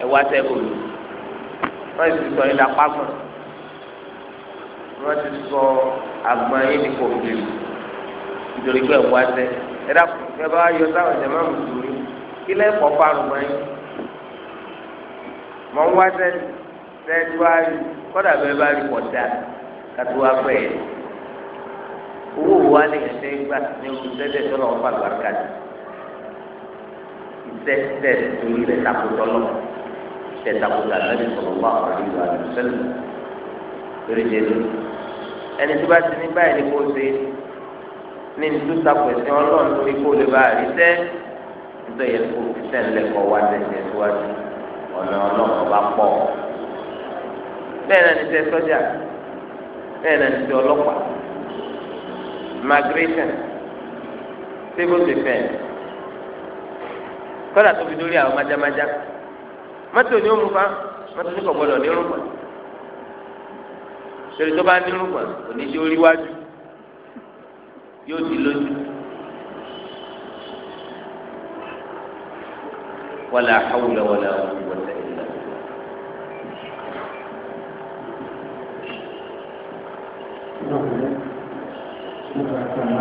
ẹ wá tẹ́bùlù wọn sì sọ ilé apágbọn wọn ti sọ àgbọn yìí ní kò fi nítorí pé ẹ wá tẹ ẹ dàpọ̀ ẹ bá yọ sáwọn ìjọba mùsùlùmí kí lẹ́ẹ̀kọ́ fárùn-ún báyìí mọ̀ ń wá tẹ́lẹ̀ tẹ́lẹ̀ wáyé kọ́dà bẹ́ẹ̀ bá rí kọ̀dà kátó wá pẹ́ yẹn owó wa lè yẹn fẹ́ gbà ní oṣù tẹ́tẹ́ tó lọ́wọ́ fà lùbáríkà jù iṣẹ́ tẹ̀ torí rẹ̀ tako tọ́lọ̀ tẹ̀ tako tàbí sọ̀rọ̀ wà ọ̀rẹ́ ìlú àdùnsẹ́lẹ̀ torí jẹ́lu ẹni tó bá ti ní báyìí ni kò ṣe ní ní tó tako ẹ̀sìn ọlọ́run torí kó lè bá rí sẹ́ nítorí yẹn kó fi sẹ́ńlẹ̀ kọ́ wá tẹ̀sẹ̀ ọ̀nà ọlọ́run ọba pọ̀ bẹ́ẹ̀ náà ní ṣe sọ́jà bẹ́ẹ̀ náà ní ṣe ọlọ́pàá migration civil defence kọ́dà tó fi dórí àwọn májámájá mọ́tò ní òmùfá mọ́tò ní kọ̀gbọ́dọ̀ ní rúgbà torí tó bá ní rúgbà kò ní ṣe orí wájú yóò di lójú. wala hawla wala quwwata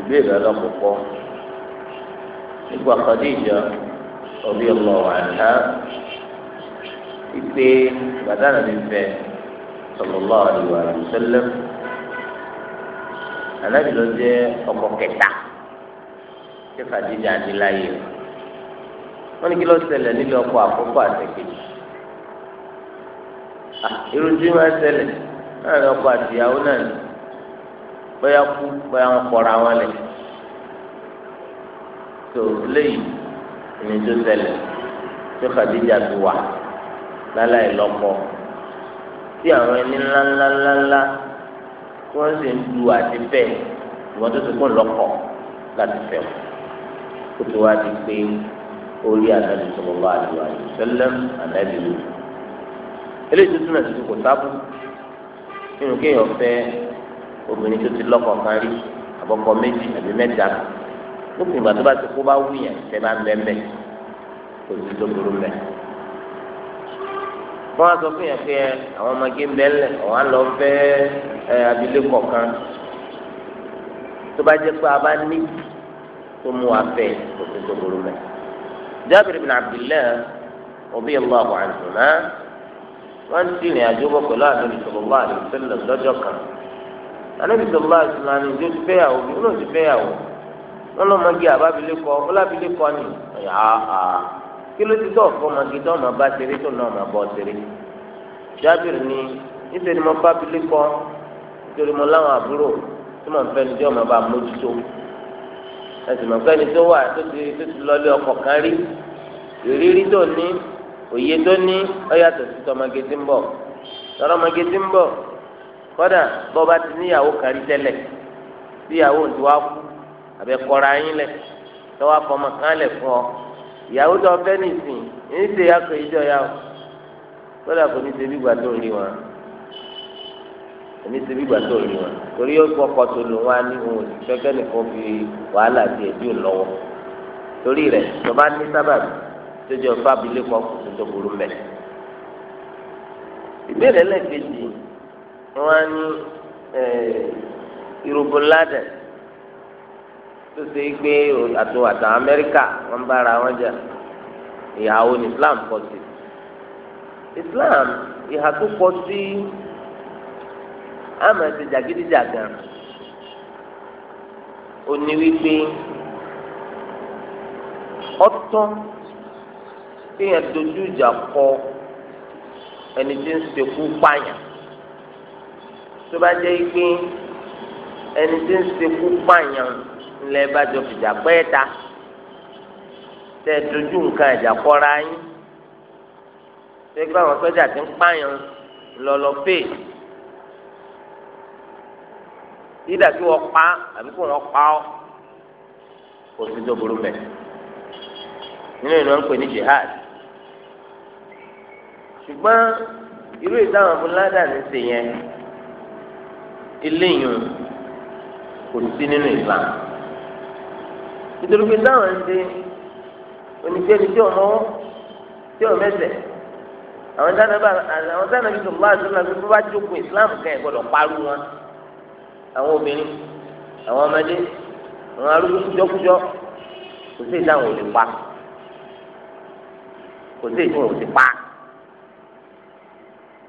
ìbéèrè ọlọ́kọ̀ọ́kọ́ nígbà Khadija radiyallahu anha ìpè gbàdánà mi fẹ́ sallallahu alaihi wa sallam anabi ló jẹ́ ọkọ kẹta tí Khadija di láyé wọ́n ní kí ló ṣẹlẹ̀ nílé ọkọ àkọ́kọ́ àtẹ̀kejì ah, irun tí wọ́n ṣẹlẹ̀ náà ní ọkọ àtìyàwó náà ní bóyá kú bóyá wọn kọra wọn lẹ tó léyìí ní tó ṣẹlẹ̀ tó Khadija ti wà láláì lọ́kọ tí àwọn ẹni ńláńláńláńlá tí wọn sì ń du àti bẹ́ẹ̀ ìwọ tó ti kún lọ́kọ láti fẹ́ o kó tó wá di pé orí ànábi sallallahu alaihi wasallam ànábi lò eléyìí tó túnà sí kò sábú nínú kéèyàn fẹ́ obìnrin tó ti lọ́kọ kan rí àbọ̀kọ méjì àbí mẹ́ta lópin ìgbà tó bá ti kó bá wù yẹn tẹ́ bá bẹ́ẹ̀ mẹ́ kò sí tó burú mẹ́. wọ́n á sọ fún yẹn pé àwọn ọmọge ń bẹ́ẹ̀lẹ̀ ọ̀hún á lọ fẹ́ abilékọ kan tó bá jẹ́ pé a bá ní tó mú wa fẹ́ kò sí tó burú mẹ́. Jabir bin Abdillah radiyallahu anhuma wọ́n ń tìrìn àjò bọ̀ pẹ̀lú àdúrà sallallahu alaihi wasallam lọ́jọ́ kan anabi sọlá ìsìlámù ìjọ ti fẹ́yàwó bí wọn ti fẹ́yàwó wọn lọ magi àbábilẹkọ ọlábilẹkọ ni àhà kí ló ti tọ̀ fọ́ magi tó ọmọ bá tẹ̀lé tó náà ọmọ bọ́ tẹ̀lé jábìrì ni níṣẹ́ ni mo bá bilẹkọ nítorí mo láwọn àbúrò tí mo fẹ́ ni tí ọmọ bá mójútó ẹsìn mọ̀ fẹ́ni tó wà tó ti tó ti lọlé ọkọ̀ kan rí ìrírí tó ní òye tó ní ọ̀yàtọ̀ sí tọmọge tí ń bọ̀ tọrọmọge tí ń bọ̀ kọ́dà bọ́ba ti níyàwó kan rí tẹ́lẹ̀ tíyàwó ń ti wá kú àbẹ̀ kọ́ra yín lẹ̀ tọ́wọ́ fọmọ kan lẹ̀ fún ọ ìyàwó tó fẹ́ nìsín ń ṣe akọ ìjọ ya o kọ́dà kò ní ṣe bí gbà tó rí wọn èmi ṣe bí gbà tó rí wọn torí ó kọ́kọ́ tó lò wá ní òun kẹ́kẹ́ nìkan fi wàhálà di ẹ̀bí lọ́wọ́ torí rẹ̀ tọ́ba ní sábàbí tó jẹ́ fábílẹ̀ kọ́ tó tó burú mẹ́ ìbéèrè lẹ́ẹ̀kejì wọn ní eh, irúgbó ládẹ̀ tó ṣe é gbé àtò wọn bára wọn jà ní islam pọ̀ sí islam ìhà tó pọ̀ sí àmọ́ ti jàgídíjàgan wípé ọ̀tọ̀ kéèyàn dojú kọ ẹni tí ń tó bá jẹ́ pé ẹni tí ń sekú pààyàn ńlẹ̀ bá jọ fìjà pẹ́ ta tẹ́ dojú nǹkan ìjà kọ́ra yín tó gbé àwọn sọ́jà tí ń pààyàn lọ́lọ́ pè yídà kí wọ́n pa àbí kí wọ́n pa ọ́ kò sí tó burú bẹ́ẹ̀ nínú ìlú wọn ń pè ní jihad ṣùgbọ́n irú ìdáhùn fún ní sèyẹn eléyìí kò sí nínú Islam nítorí pé táwọn ń dé oníkẹ́ni tí ọmọ tí ọmọ ẹsẹ̀ àwọn sànàbà àwọn sànàbì tó bá àdúrà pé bó bá jókòó Islam kẹ́ ẹ̀ gbọ́dọ̀ parú wọn àwọn obìnrin àwọn ọmọdé àwọn arúgbó kújọkújọ kò sí ìdáhùn ò lè pa kò sí ìdáhùn ò lè pa.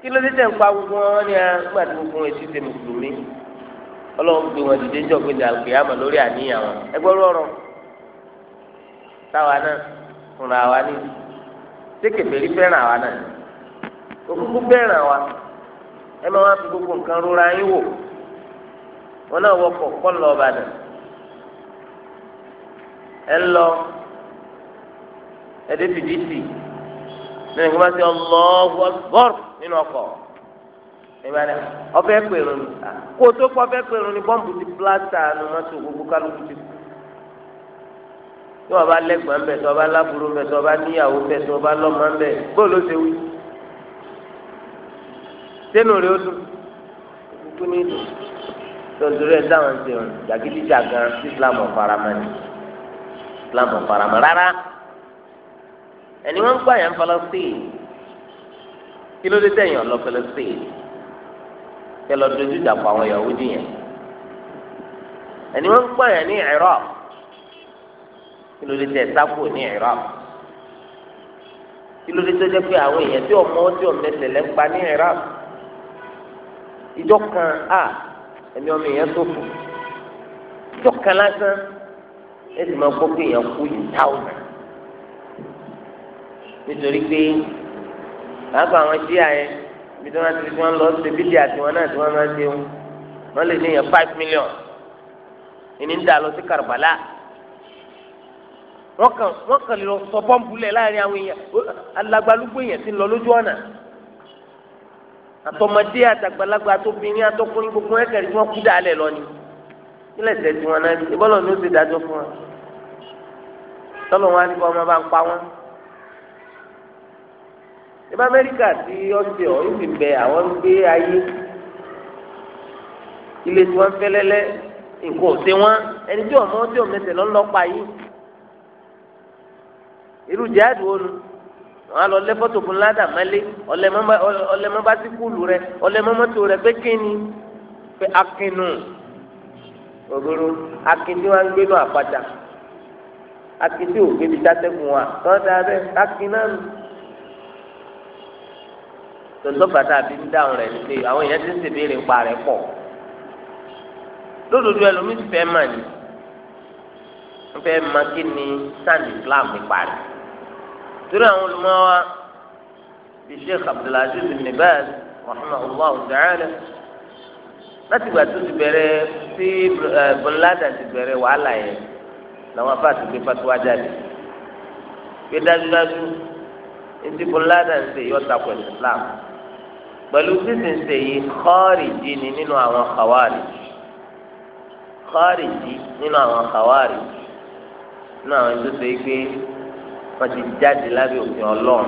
kí ló dé tẹ̀ ń pa gbogbo wọn ni àgbà tó fún etí tẹ mùsùlùmí ọlọ́run gbé wọn dìde jọ pé dàgbé àmọ́ lórí àníyàn wọn ẹgbẹ́ táwa náà fúnra wa ní sékè fèrí fẹ́ràn àwa náà òkúkú fẹ́ràn wa ẹ máa wá fi gbogbo nǹkan rora yín wò wọn náà wọkọ̀ kọ́ lọ ẹ lọ ẹ nínú ọkọ̀ ìbàdàn ọbẹ̀ pèrò ni kó o tó kọ́ ọbẹ̀ pèrò ni bọ́ǹbù ti plásítà nu mọ́tò gbogbo kálukú ti kú tí wọn bá lẹ́gbọ̀n ń bẹ̀ tí wọn bá lábúrò ń bẹ̀ tí wọn bá níyàwó bẹ̀ tí wọn bá lọ́mọ ń bẹ̀ bóòlù ṣe wí. sínú rẹ ó dùn kúkú ní ìlú tòǹtòrò ẹ dáhùn ṣe ń jàgídíjà gan sí Islam ọ̀farama ni Islam ọ̀farama rárá ẹni wọn ń gbà yẹn Palestine kí ló dé tẹ̀yìn ọ̀lọ́ Palestine kẹ lọ dojú ìjà pa àwọn Yahudi yẹn ẹni wọ́n ń pè yẹn ní Iraq kí ló dé tẹ̀ sáfò ní Iraq kí ló dé tó jẹ́ pé àwọn èèyàn tí ọmọ tí ọmọ ẹsẹ̀ lẹ́ ń pa ní Iraq ìjọ kan a ẹni ọmọ èèyàn tó fò ìjọ kan lásán ẹ sì máa gbọ́ pé èèyàn kú yìí táwọn nítorí pé pàápàá àwọn ṣíà yẹn ibi tí wọ́n ti fi wọ́n lọ ṣe bílì àti wọn náà tí wọ́n máa ń ṣe wọn wọ́n lè níyàn five million ìní ń dà lọ sí Karbala wọ́n kàn wọ́n kàn lè lọ sọ bọ́ǹbù lẹ̀ láàrin àwọn èèyàn alagbalúgbó èèyàn ti lọ lójú ọ̀nà àtọmọdé àtàgbàlagbà àtọkùnrin àtọkùnrin gbogbo ẹ̀ kẹrì tí wọ́n kú dàálẹ̀ lọ ni kílẹ̀ tẹ̀ tí wọn náà ìbọ́lọ̀ ni ó ti dájọ́ fún wọn tọ́lọ̀ wọn á ní kọ́ ọmọ bá ń pa wọn ìbá amẹ́ríkà tí ọ̀sẹ̀ ọ̀ ìsì ń bẹ àwọn ń gbé ayé ilé tí wọ́n fẹ́ lẹ́lẹ́ nǹkan ò sí wọn ẹni tí ọmọ tí ọmọ ẹsẹ̀ lọ́lọ́pàá yìí irú jihad wo nu wọn lọ lẹ fọ́tò fún ládà mẹlẹ ọlẹ mọba ti kúlù rẹ ọlẹ mọmọtò rẹ pé kíni pé akínú ògbóró akíntí wọn gbénu àpàtà akíntí ògbébi dátẹ́kùn wa tọ́ da bẹ́ẹ̀ akínú náà tòótọ́ bàtà àbí dáhùn rẹ̀ ní pé àwọn èèyàn ti ń ṣèbéèrè ń pa rẹ̀ pọ̀ lódodo ẹlòmíì ti fẹ́ mà ní ń fẹ́ mà kí ni sand Islam nípa rẹ̀ torí àwọn olùmọ́wá bíi Sheikh Abdulaziz bin Baz rahimahullah ta'ala láti gbà tó ti bẹ̀rẹ̀ tí eh, Bin Laden ti bẹ̀rẹ̀ wàhálà yẹn làwọn afá ti gbé fatuwa jáde gbé dájúdájú ní ti Bin Laden ṣe yọta pẹ̀lú Islam pẹ̀lú sísìnsè yìí kọ́ọ̀rìjì ni nínú àwọn kàwárì kọ́ọ̀rìjì nínú àwọn kàwárì nínú àwọn tó ṣe pé wọ́n ti jáde lábẹ́ òfin ọlọ́run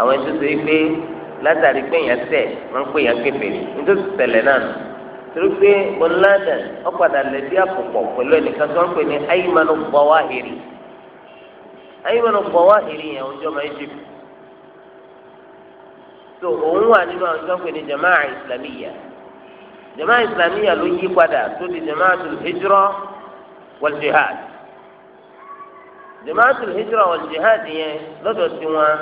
àwọn tó ṣe pé látàrí pé èèyàn tẹ̀ wọ́n ń pè èèyàn kèfèrí nítorí tẹ̀lẹ̀ náà torí pé bọ́ládà ọ̀padà lẹ́dí àpòpọ̀ pẹ̀lú ẹnìkan tó ń pè ní ayimanu bọ̀wá hìrì ayimanu bọ̀wá hìrì yẹn ọjọ́ máa ń ṣe fún so òun wà nínú àwọn tó ń pè ní jamaa islamiyya jamaa islamiyya ló yí padà tó di jamaatul hijra wal jihad jamaatul hijra wal jihad yẹn lọ́dọ̀ sí wọn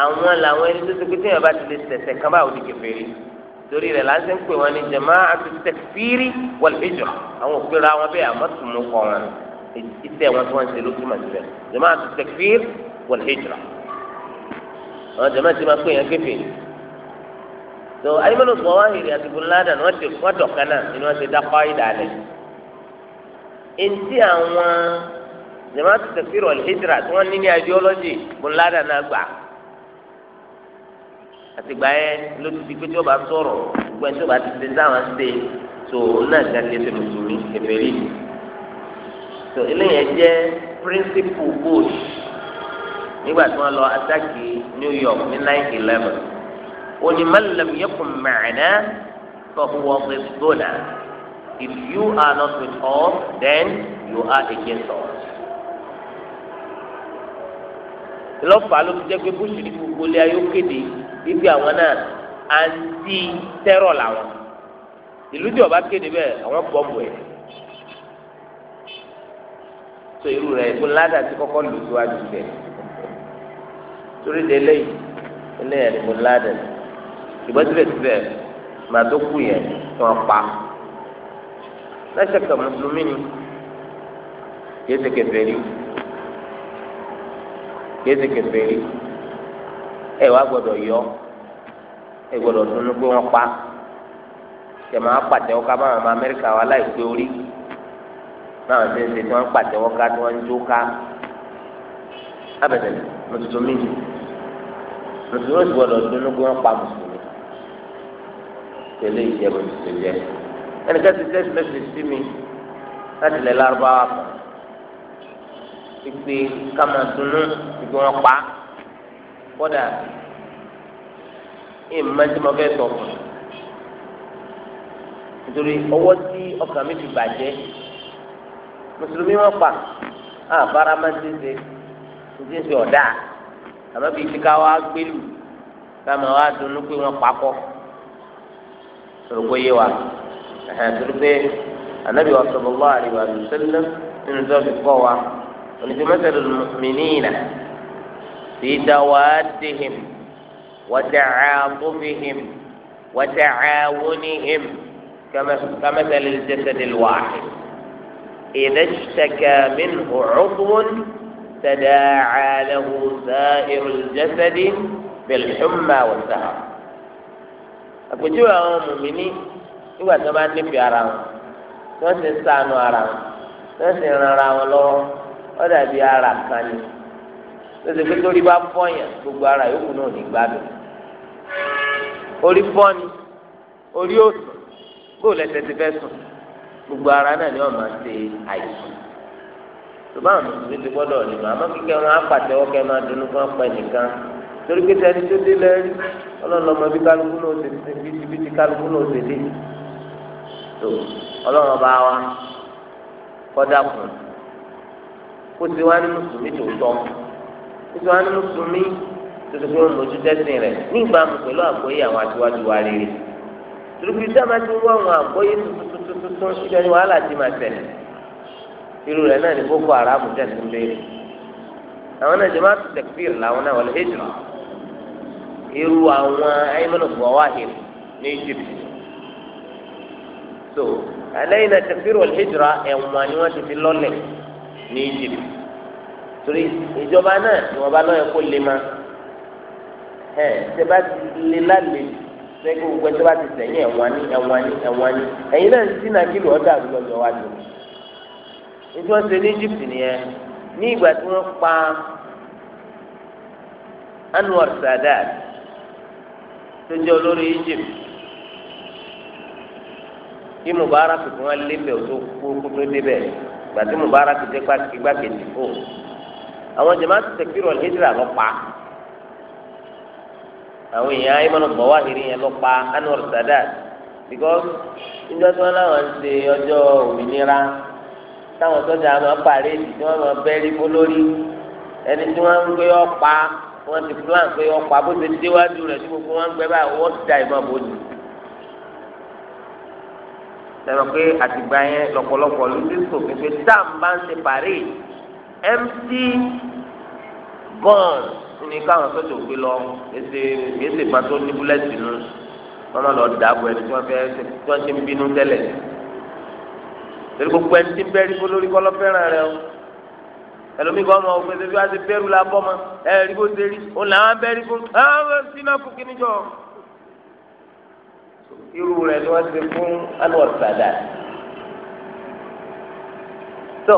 àwọn làwọn ẹni tó ti pété yẹn bá ti lè sẹ̀sẹ̀ kan báwo di kèfèrí torí rẹ̀ láti ń pè wọn ní jamaatul takfiri wal hijra àwọn òpèrè àwọn bẹ́ẹ̀ àmọ́ tùmù kọ́ wọn ìtẹ̀ wọn tí wọ́n ṣe ló túmọ̀ síbẹ̀ jamaatul takfiri wal hijra àwọn jama ti máa pè yẹn kéfì tó ayélujára sọ wá hìrì àti bùnládà ni wọ́n ti wọ́n dọ̀ka náà ni wọ́n ti dákọ́ ìdálẹ̀ eŋti àwọn jama ti tẹ̀sí rọ̀ hijra tí wọ́n ní ní ideology bùnládà náà gbà àtìgbà yẹn ló ti di pé tí wọ́n bá sọ̀rọ̀ gbẹ tí wọ́n bá ti ṣe táwọn ṣe tó náà ga kí ẹsẹ mùsùlùmí kẹfẹ rí tó eléyẹn jẹ nígbà tí wọ́n lọ atáàkì New York ní nine eleven ó ní malam yẹkùn mẹ́ẹ̀ẹ́nà fọwọ́ gbẹ́dọ́nà if you are not with us then you are against us. lọ́pàá ló fi jẹ́ pé bush ní gbogbo ilé ayé kéde ibi àwọn náà anti terror làwọn ìlú tí ọba kéde bẹ́ẹ̀ àwọn bọ́ọ̀bù ẹ̀ so irú rẹ̀ ìpínlẹ̀ àdàtì kọ́kọ́ lù síwájú bẹ́ẹ̀ torí de eléyìí eléyìí ni mo ládẹ̀ ṣùgbọ́n síbẹ̀síbẹ̀ màá tó kú yẹn tí wọ́n pa lẹ́sẹ̀kẹ̀ mùsùlùmí ni kìí ṣe kèfèrí kìí ṣe kèfèrí ẹ wàá gbọ́dọ̀ yọ ẹ gbọ́dọ̀ dunu pé wọ́n pa tẹmọ apàtẹwọ ká báwọn ọmọ Amẹ́ríkà wà láìpẹ́ orí báwọn ṣe ń ṣe tí wọ́n ń pàtẹwọ ká tí wọ́n ń jó ká abẹsẹ mùsùlùmí ni mùsùlùmí gbọ́dọ̀ dúró kí wọn pa mùsùlùmí tẹ́lẹ̀ ìjẹbù mùsùlùmí jẹ ẹnìkan ti tẹsí mẹsì sí mi láti lẹ lárúbáwá kan pípé kama dunu pípé wọn pa kódà ìmọ̀tìmọ̀ fẹ́ sọ fún un nítorí ọwọ́ tí ọkàn mi ti bàjẹ́ mùsùlùmí wọn pa àbára máa ń ṣe ń ṣe ọ̀dà. àmọ́ bíi ti ká wá gbélú káma wá dunu pé wọ́n pakọ́ olùkóyè wa ẹ̀hẹ́n pe won pako ye pé anabi wa sallallahu alaihi wa sẹ́lẹ̀ nínú tó fi kọ́ wa onídìí onídìmọ́sẹ̀lẹ̀ mìíràn fi dawaatihim wa ta'atufihim wa ta'awunihim kamathali al-jasad al-wahid idha ishtaka minhu 'udwun. تداعى له سائر الجسد بالحمى والسهر àpèjúwe àwọn mùmíní nígbà tí wọ́n bá nífẹ̀ẹ́ ara wọn tí wọ́n sì ń ṣàánú ara wọn tí wọ́n sì ń ran ara wọn lọ́wọ́ wọ́n dàbí ara kan ni tó ṣe pé torí bá fọyàn gbogbo ara yòókù náà ní gbádùn orí fọ́ni orí òsùn bó lẹ́sẹ̀ ti fẹ́ sùn gbogbo ara náà ni wọ́n máa ṣe àìsùn ṣùgbọ́n mùsùlùmí ti gbọ́dọ̀ ní ma àmọ́ kíkẹ́ wọn á pàtẹ́wọ́ kẹ́ máa dunú fún ọpẹ nìkan torí pé tẹni tó dé lẹ́rí ọlọ́run ọmọ bí kálukú náà ṣe dé bí ti bí ti kálukú náà ṣe dé tó ọlọ́run ọba wa kọ́dà kùn kó ti wá ní mùsùlùmí tó tọ́ kó ti wá ní mùsùlùmí tó ti pé wọn lójú tẹ́sìn rẹ̀ ní ìbámu pẹ̀lú àgbọ́yé àwọn aṣíwájú wa rere torí pé sábà ti wọ́n àwọn àgbọ́yé tuntun tuntun tuntun irú rẹ̀ náà ní boko haram tẹ̀sí ń béèrè àwọn náà jẹ́mọ́ àti tẹ̀kfíìr làwọn náà wọlé hijra irú àwọn ayémọ́nà fọwáhìn ní Egypt so àlẹ́yìn náà tẹ̀kfíìr wọlé hijra ẹ̀wọ̀n ni wọ́n ti fi lọ́lẹ̀ ní Egypt torí ìjọba náà ni wọ́n bá lọ́yẹ̀ kó lè ma ẹ̀ tẹ́ bá lálẹ́ sẹ́kù gbogbo ti sẹ́yìn ẹ̀wọ̀n ni ẹ̀wọ̀n ni ẹ̀wọ̀n ni ẹ̀yin náà ti sínú akílù ọ̀dà àdúgbò ọjọ́ wájú ètò ọ̀sẹ̀ ní Egypt nìyẹn ní ìgbà tí wọ́n pa Anwar Sadat tó jẹ́ olórí Egypt tí Mubarak tí wọ́n lébẹ̀ tó kó kótó débẹ̀ ìgbà tí Mubarak jẹ́ igbákejì kó àwọn jamaatu tẹkpírọ̀ hijira lọ pa àwọn èèyàn ayémọ́nà bọ̀wá hìrì yẹn lọ pa Anwar Sadat because nígbà tí wọ́n láwọn ń ṣe ọjọ́ òmìnira táwọn sọ́jà máa pàrẹ́dì tí wọ́n máa bẹ́rí olórí ẹni tí wọ́n ń gbé ọ̀pá wọ́n ti plan pé ọ̀pá bó ti déwájú rẹ̀ tí gbogbo wọn ń gbẹ báyìí wọ́n ti da ìmọ̀ bòjú. sẹ́nu pé àtìgbà yẹn lọ́pọ̀lọpọ̀ ló ti sòfin pé tá à ń bá ń ṣe pàrẹ́dì mt bond ní káwọn sọ́jà ò gbé lọ èsè èsè pàtó ní búlẹ́tì nù wọ́n má lọ dàbọ̀ ẹni tí wọ́n fẹ́ tí wọ́n ti ń bínú tẹ́lẹ̀ torí gbogbo ẹni tí ń bẹ́ẹ̀ rí kó lórí kọ́lọ́ fẹ́ràn rẹ o ẹlòmíì kan mọ òfin ṣe fi wá sí bẹ́ẹ̀rù la bọ́ ma ẹ rí bó ṣe rí òun làwọn bẹ́ẹ̀ fún ẹ sínú ọkùn kìíní jọ. irú rẹ ni wọ́n ṣe fún Anwar Sadat. tó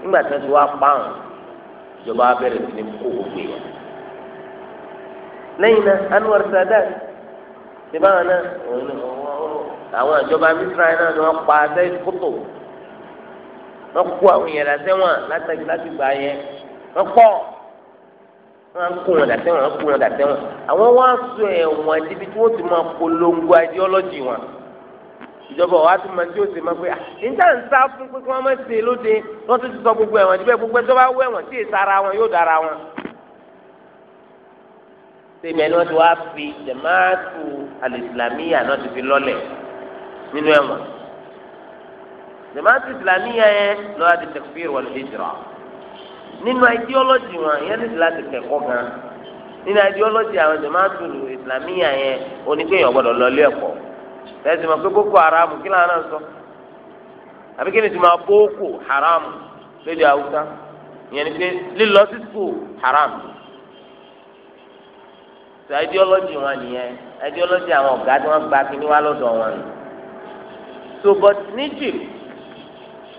nígbà tí wọ́n ti wá pààrùn ìjọba abẹ́rẹ́ sí ni kó gbogbo yẹn. lẹ́yìn náà Anwar Sadat ṣe báwọn náà àwọn ìjọba Misra náà ni wọ́n pa sẹ́yìn kótó wọ́n kó àwọn èèyàn dàtẹ́wọ̀n látàgbé láti gbà yẹn wọ́n pọ̀ wọ́n kó wọn dàtẹ́wọ̀n wọ́n kó wọn dàtẹ́wọ̀n àwọn wọ́n á sọ ẹ̀wọ̀n débi tí wọ́n ti máa polongo ideology wọn ìjọba wa tún máa tí ó ṣe máa pé níta ń sá fún pé kí wọ́n má ṣe lóde wọ́n tún ti sọ gbogbo ẹ̀wọ̀n síbẹ̀ gbogbo ẹ̀ tó bá wọ ẹ̀wọ̀n tí èsì ara wọn yóò dára wọn. sèmi ẹni wọ́n ti wá fi jamaatu alìsìlámíyà náà ti fi lọ́lẹ̀ nínú ẹ̀wọ̀n jamaatu islamiyya yẹn ló wá di takfir wal hijra nínú ideology wọn yẹn ní láti kẹ́kọ̀ọ́ gan nínú ideology àwọn jamaatu islamiyya yẹn oníkéèyàn gbọ́dọ̀ lọlé ẹ̀kọ́ tẹsí ma pé boko haram kí lóun náà sọ àbí kí ni tuma boko haram lédè haúsá ìyẹn ni pé lílọ sí school haram so ideology wọn nìyẹn ideology àwọn ọ̀gá tí wọ́n gba kí ni wọ́n á lọ́dọ̀ wọn so but ní Egypt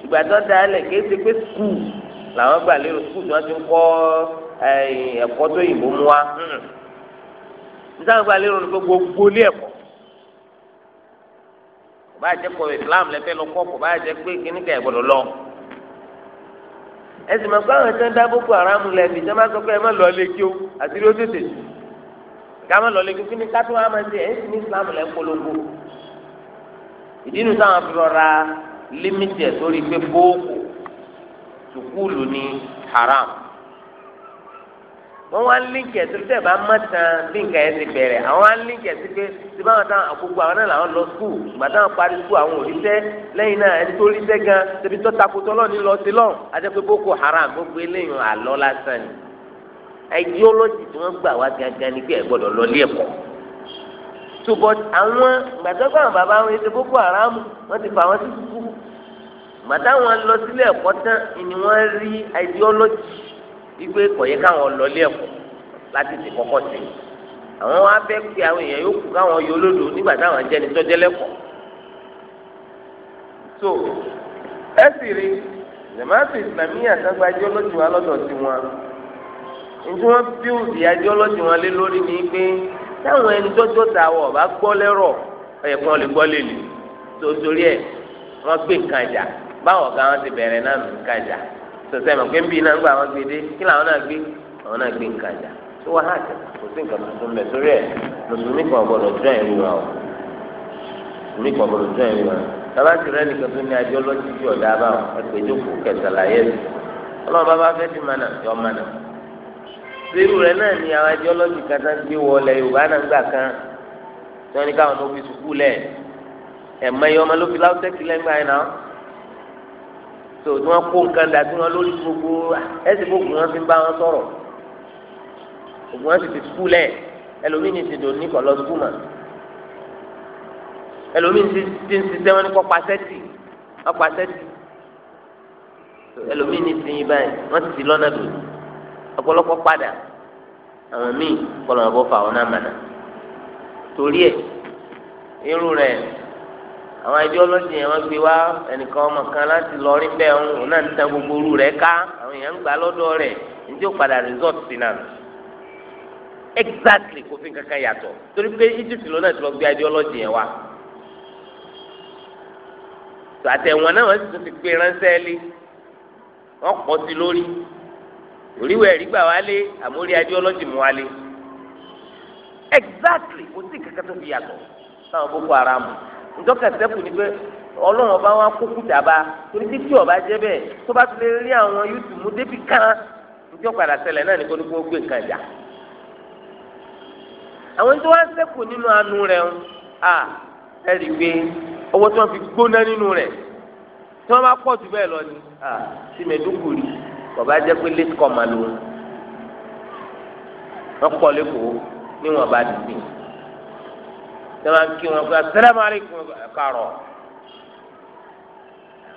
ìgbà tó da ẹ lẹ kìí ṣe pé skul làwọn gbà lérò skul tí wọn ti ń kọ́ ẹ̀kọ́ tó yìnbó mu wa nítawọn gbà lérò ní gbogbo ilé ẹ̀kọ́ kò bá jẹ́ kọ islam lẹfẹ lọ kọ kò bá jẹ́ pé kíníkà ìgbọdọ lọ ẹsìn máa gbọ́ àwọn ẹ̀sẹ̀ dá boko haram lẹ́bi ìjọba máa sọ pé ẹ má lọ lé kí o àti rí o tètè ká má lọ lé kí o kí ni ká tó máa ṣe ẹ̀sìn islam lẹ́ polongo ìdí nu táwọn fi rọra límítì ẹ̀ sórí pé bóòkù sùkúlù ní haram wọn wá líǹkì ẹ̀ síbi tẹ́ẹ̀ bá mọ̀tàn bí nǹkan ẹ̀ ti bẹ̀rẹ̀ àwọn wá líǹkì ẹ̀ sí pé tí báwọn táwọn àkókò àwọn náà làwọn lọ skul ìgbà táwọn parí skul àwọn òrìṣẹ́ lẹ́yìn náà ẹni tó ríṣẹ́ gan tẹ̀bi tó takotọ́ lọ́ọ̀ni lọ sí lọ́ọ̀ àjẹpẹ́ boko haram gbogbo eléyìn àlọ́ lásán ni ideology tí wọ́n gbà wá gangan ni pé ẹ̀ gbọ́dọ̀ lọ lé ẹ̀kọ́ so but àwọn gbàdúgbò àwọn bàbá wọn ṣe boko haram wọn ti fà wọn sí kúkú gbàtà wọn lọ sílé ẹ̀kọ́ tán ni wọn rí ideology wípé kọyẹ káwọn lọ lé ẹ̀kọ́ láti ti kọ́kọ́ sí àwọn wọn abẹ pé àwọn èèyàn yòókù káwọn yọ olódò nígbà táwọn jẹni tọjẹ lẹkọ so ẹ sì rí jamaatu islamiyya àtàgbà ideology wa lọ́dọ̀ tiwọn nítorí wọn bíòdì ideology wọn lé lórí ni pé. táwọn ẹni tó tó ta wọ̀ bá gbọ́ lẹ́rọ̀ ẹ̀yẹ kan lè gbọ́ lèlè torí ẹ̀ wọ́n gbé nǹkan jà báwọn ọ̀gá wọn ti bẹ̀rẹ̀ náà nǹkan jà sọ̀tẹ́ mọ̀ pé ń bí iná gbà wọ́n gbé dé kí làwọn náà gbé àwọn náà gbé nǹkan jà tó wá hàn kò sí nǹkan tuntun bẹ̀ torí ẹ̀ mùsùlùmí kan wa o mùsùlùmí kan gbọ́dọ̀ dúró ẹ̀rí wa bàbá ti rẹ́ nìkan tó ní irú rẹ̀ náà ni àwọn ideology kan tán gbé wọlé yorùbá náà gbà kan tí wọ́n ní káwọn tó fi sùkúù lẹ̀ ẹ̀mọ ẹ̀yọ ọmọ ló fi láwùsẹ́kì lẹ́gbàá yẹn náà tó tí wọ́n kó nǹkan dà tí wọ́n lórí gbogbo ẹ̀sìn gbogbo wọn fi ń bá wọn sọ̀rọ̀ gbogbo wọn sì fi sùkúù lẹ̀ ẹlòmíní ti dòní kọ̀ lọ sùkúù mọ́ ẹlòmíì ti ń ṣiṣẹ́ wọn ní kọ́ pasẹ́tì ọ̀pasẹ́tì ẹlòmíì ní ti yín báyìí wọ́n ti ti lọ́nà dòní ọ̀pọ̀lọpọ̀ padà àwọn míì kọlọ̀ ọ̀bọ fà wọn àmàna torí ẹ̀ irú rẹ̀ àwọn ẹjọ́ ọlọ́sìn yẹn wọ́n gbé wá ẹnìkan ọmọ kan láti lọ rí bẹ́ẹ̀ ń òun náà ń ta gbogbo orú rẹ̀ ká àwọn èèyàn ń gbà lọ́dọ̀ rẹ̀ njẹ́ ó padà resort sí náà exactly kò fi kankan yàtọ̀ torí pé Egypt lọ náà ti lọ gbé ẹjọ́ ọlọ́sìn yẹn wá àtẹ̀wọ̀n náà wọ́n sì tún ti gbé ránṣẹ́ lé wọ́n pọ̀ sí lórí oríwẹ̀ ẹ̀rí gbà wálé àmórí ideology mú wálé exactly o sí kankan tó fi yàtọ̀ sáwọn boko haram ntọ́ka sẹ́kù ni pé ọlọ́run ọba wa kó kùtà bá torí tí tí ọba jẹ́ bẹ́ẹ̀ tó bá tilẹ̀ rí àwọn yúùtù mú débi kan ntọ́ padà ṣẹlẹ̀ náà ní kó ní kó gbé nǹkan jà àwọn tó wá sẹ́kù nínú anú rẹ̀ ń à ẹ̀rí gbé ọwọ́ tí wọ́n fi gbóná nínú rẹ̀ tí wọ́n bá pọ̀ jù bẹ́ẹ̀ lọ ni à tìmẹ̀dókòrì bàbá jẹ́ pé late comer ló wọ́n kọ́ lẹ́kọ̀ọ́ níwọ̀n bá ti sìn sọ́wọ́n kí wọn pé assalamu alaikum ẹ̀kaàrọ̀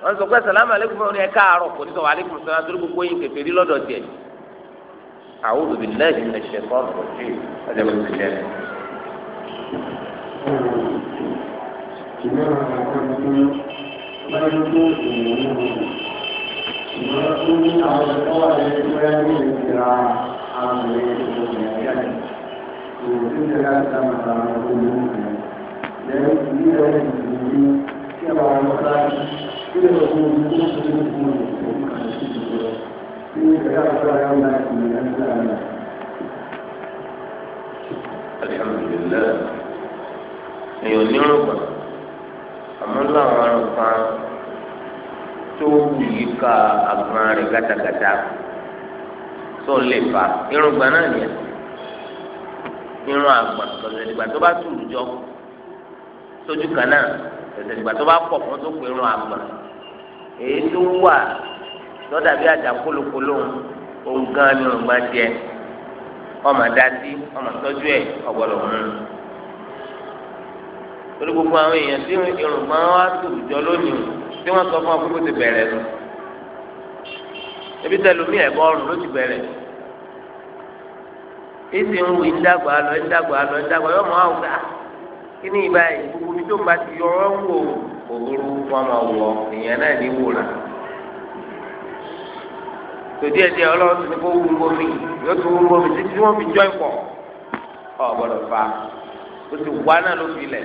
wọ́n sọ pé assalamu alaikum fún ẹ̀kaàrọ̀ kò ní sọ alaikum sọ́wọ́n àti olùkókó yín kẹfẹ́ rí lọ́dọ̀ tiẹ̀ a'udhu billahi minash shaitani rajim ọjọ́ bó ti jẹ́ ìgbà wọn kọ́ ni pé wọ́n á yọ tó ìwọ̀n náà Alhamdulillah. Èèyàn ní ọ̀gbà. Àmọ́ láwọn arúgbó tó yí ka agbọn rẹ gàtàgàtà tó lè fa irun gba náà yẹ irun àgbọn tọ̀sẹ̀ nígbà tó bá tùlù jọ sójú kan náà tọ̀sẹ̀ nígbà tó bá pọ̀ fún tó pé irun àgbọn èyí tó wà lọ́dà bí àjà kólókóló ohun gan ni irun gba jẹ ọmọ adásí ọmọ tọ́jú ẹ̀ ọ̀gbọ́dọ̀ mú torí gbogbo àwọn èèyàn tí irun gbọ́n wá tùlù jọ lónìí bí wọ́n sọ fún ọ kókó ti bẹ̀rẹ̀ lọ ebi tẹlumi ẹbọ ọrùn ló ti bẹ̀rẹ̀ esi ń wi ńdàgbà lọ ńdàgbà lọ ńdàgbà yọ mọ àwùjá ah, kí ni ìbá yìí gbogbo mi tó ń bá ti yọ ọ ń wò òwúrú wọn máa wọ ìyẹn náà ní wò rà tòdí ẹ díẹ̀ Ọlọ́run ti ní kó wú ngomi yóò tó wú ngomi títí wọn fi jọ ìpọ ọ gbọ́dọ̀ fa o ti wá náà ló fi lẹ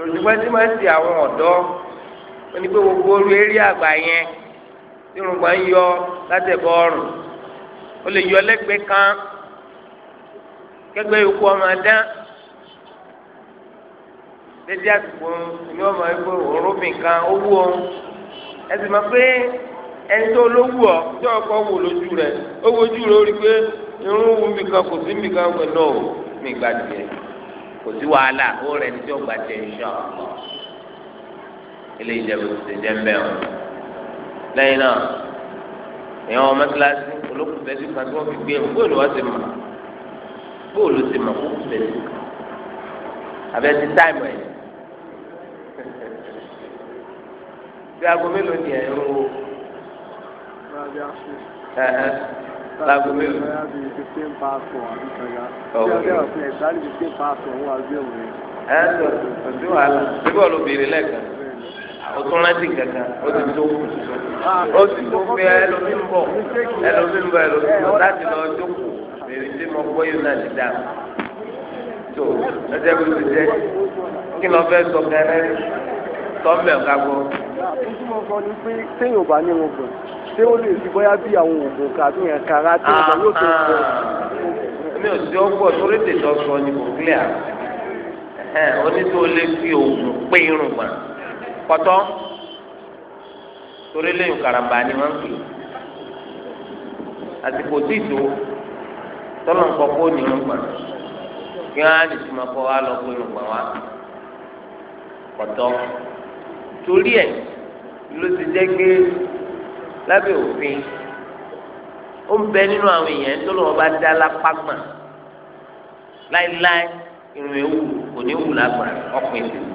lòṣùgbọ́n tí máa ń ti àwọn ọ̀dọ́ wọ́n ní pé gbogbo orí eré àgbà yẹn tí irun máa ń yọ látẹ̀bọ̀ ọrùn ó lè yọ lẹ́gbẹ̀ẹ́ kan kẹgbẹ́ ikú ọmọ dán dédé àsìkò ni ọmọ ẹgbẹ́ òróbìn kan ó wú ọ ẹ sì mọ̀ pé ẹni tó lówù ọ tí ọkọ wò lójú rẹ ó wojú rẹ ó rí i pé irun wù mí kan kò sí mí kan pẹ̀lú ọ mi gbàdúrà kò sí wàhálà ó rẹ̀ ní tí ó gbà tẹ̀ ṣọ́ ọ̀ ilé ìjẹ̀bù ti jẹ́ ń bẹ̀ ọ́ lẹ́yìn náà èèyàn ọmọ kíláàsì olókùn fẹ́ẹ́ dùn kan tí wọ́n fi gbé ẹ̀mú bóòlù wọ́n ti mọ̀ bóòlù ti mọ̀ kókù fẹ́ẹ́ dùn kan àbẹ́ ti táìmù ẹ̀ bí aago mélòó ni ẹ̀ ń wo láago mélòó. Oh. ẹ ẹ sọ sí wàhálà síbí olóbìnrin lẹ́ẹ̀kan o tún rántí kankan o ti tó o ti tó pé ẹlòmí ń bọ̀ ẹlòmí ń bọ̀ ẹlòmí ń bọ̀ láti lọ jókòó bèrè tí mo gbọ́ yóò náà ti dà tó ẹjẹ bí o ti jẹ kí lọ fẹ́ sọ kẹrẹ tọ́ḿbẹ̀ ọ̀gá gbọ́. ìtumọ̀ kan ni pé téèyàn ò bá ní wọn gbọ̀n ṣé ó lè fi bóyá bí àwọn oògùn kàdún yẹn kara tó ń bọ̀ yóò tó ń ah, bọ̀. Ah. mi ò sí ọgbọ́ torí tètè sọ ni kò clear onítò lè fi oògùn pé irun gbà pọtọ torí lẹ́yìn karamba ni wọ́n ń pè àsìkò tí tó tọ́lọ̀ ń kọ́kọ́ ní irun gbà kí wọ́n á lè ti máa kọ́ lọ pé irun gbà wa pọtọ torí ẹ̀ ló ti jẹ́ pé lábẹ́ òfin ó ń bẹ nínú àwọn èèyàn tó lọ́wọ́ bá dá lápá gbọ̀n láéláé irun ewu kò ní wù lágbọ̀n ọkùnrin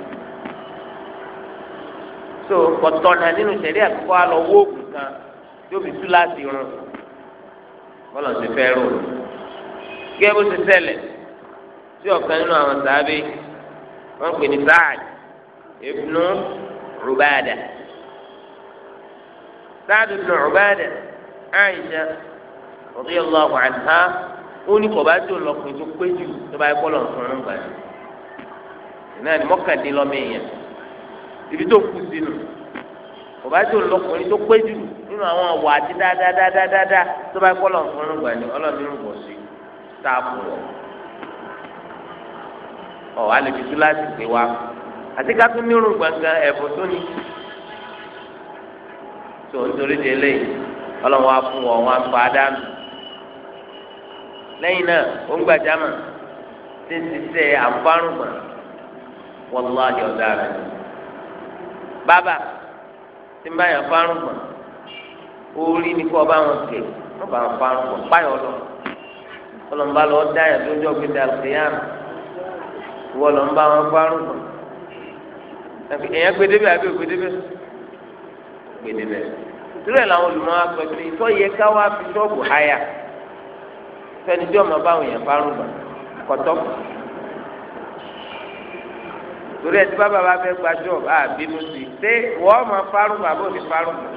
tó so kọ̀tọ̀nà nínú sẹ̀rí àkọ́kọ́ àlọ́ wóògùn kan tó fi tú láti rún bọ́lá ti fẹ́ rò gẹ́gẹ́ bó ti ṣẹlẹ̀ sí ọ̀kan nínú àwọn sàábé wọ́n pè ní Sa'ad ibnu Rubada sáàdù nù ọ̀bẹ́dẹ̀ àìsà òbí ọlọ́wọ́ àná ó ní kọ̀ọ̀bá tó lọkùnrin tó pé jù tó bá yẹ kọ́ lọ́n fún un gbà yìí náà ni mọ́kàndínlọ́mọ èèyàn ibi tó kù sínú kọ̀ọ̀bá tó lọkùnrin tó pé jù nínú àwọn ọ̀wọ́ àti dáadáadáadáa tó bá yẹ kọ́ lọ́n fún un gbà yìí ọlọ́ọ̀ni ń bọ̀ sí táàbù wọ̀ ọ̀ alẹ́ fi tú láti pè wá àti ká tún nírun gbàngàn ẹ̀bùn tó ní tó nítorí de lé ọlọ́run wa fún wọn wọn apá dánù lẹ́yìn náà ó ń gbàjámà tí ń ṣiṣẹ́ àǹfààrùnmọ̀ wàlúwàdì ọ̀daràn ni bàbá tí ń bá yàn fárùnmọ̀ orí ni kó ọba wọn kè wọn bá wọn fárùnmọ̀ páyọ̀ lọ ọlọ́nba lọ dá yàn lójú ọ̀gbìn dàlùkìyàn wọ́n lọ ń bá wọn fárùnmọ̀ èèyàn gbẹdẹ́bẹ̀ àbí ògbẹdẹ́bẹ̀ gbẹdẹ́bẹ̀ sílẹ̀ làwọn olùmọ̀ wa sọ pé ìtọ́ yẹ ká wá fi ṣọ́ọ̀bù háyà sẹ́ni tí ọmọ báwọn yẹn bá rùn bà kọ́tọ́ torí ẹ ti bá bàbá fẹ́ gba ṣọ́ọ̀bù à bínú sí i ṣé wọ́n máa fárùn bà bó ní fárùn bà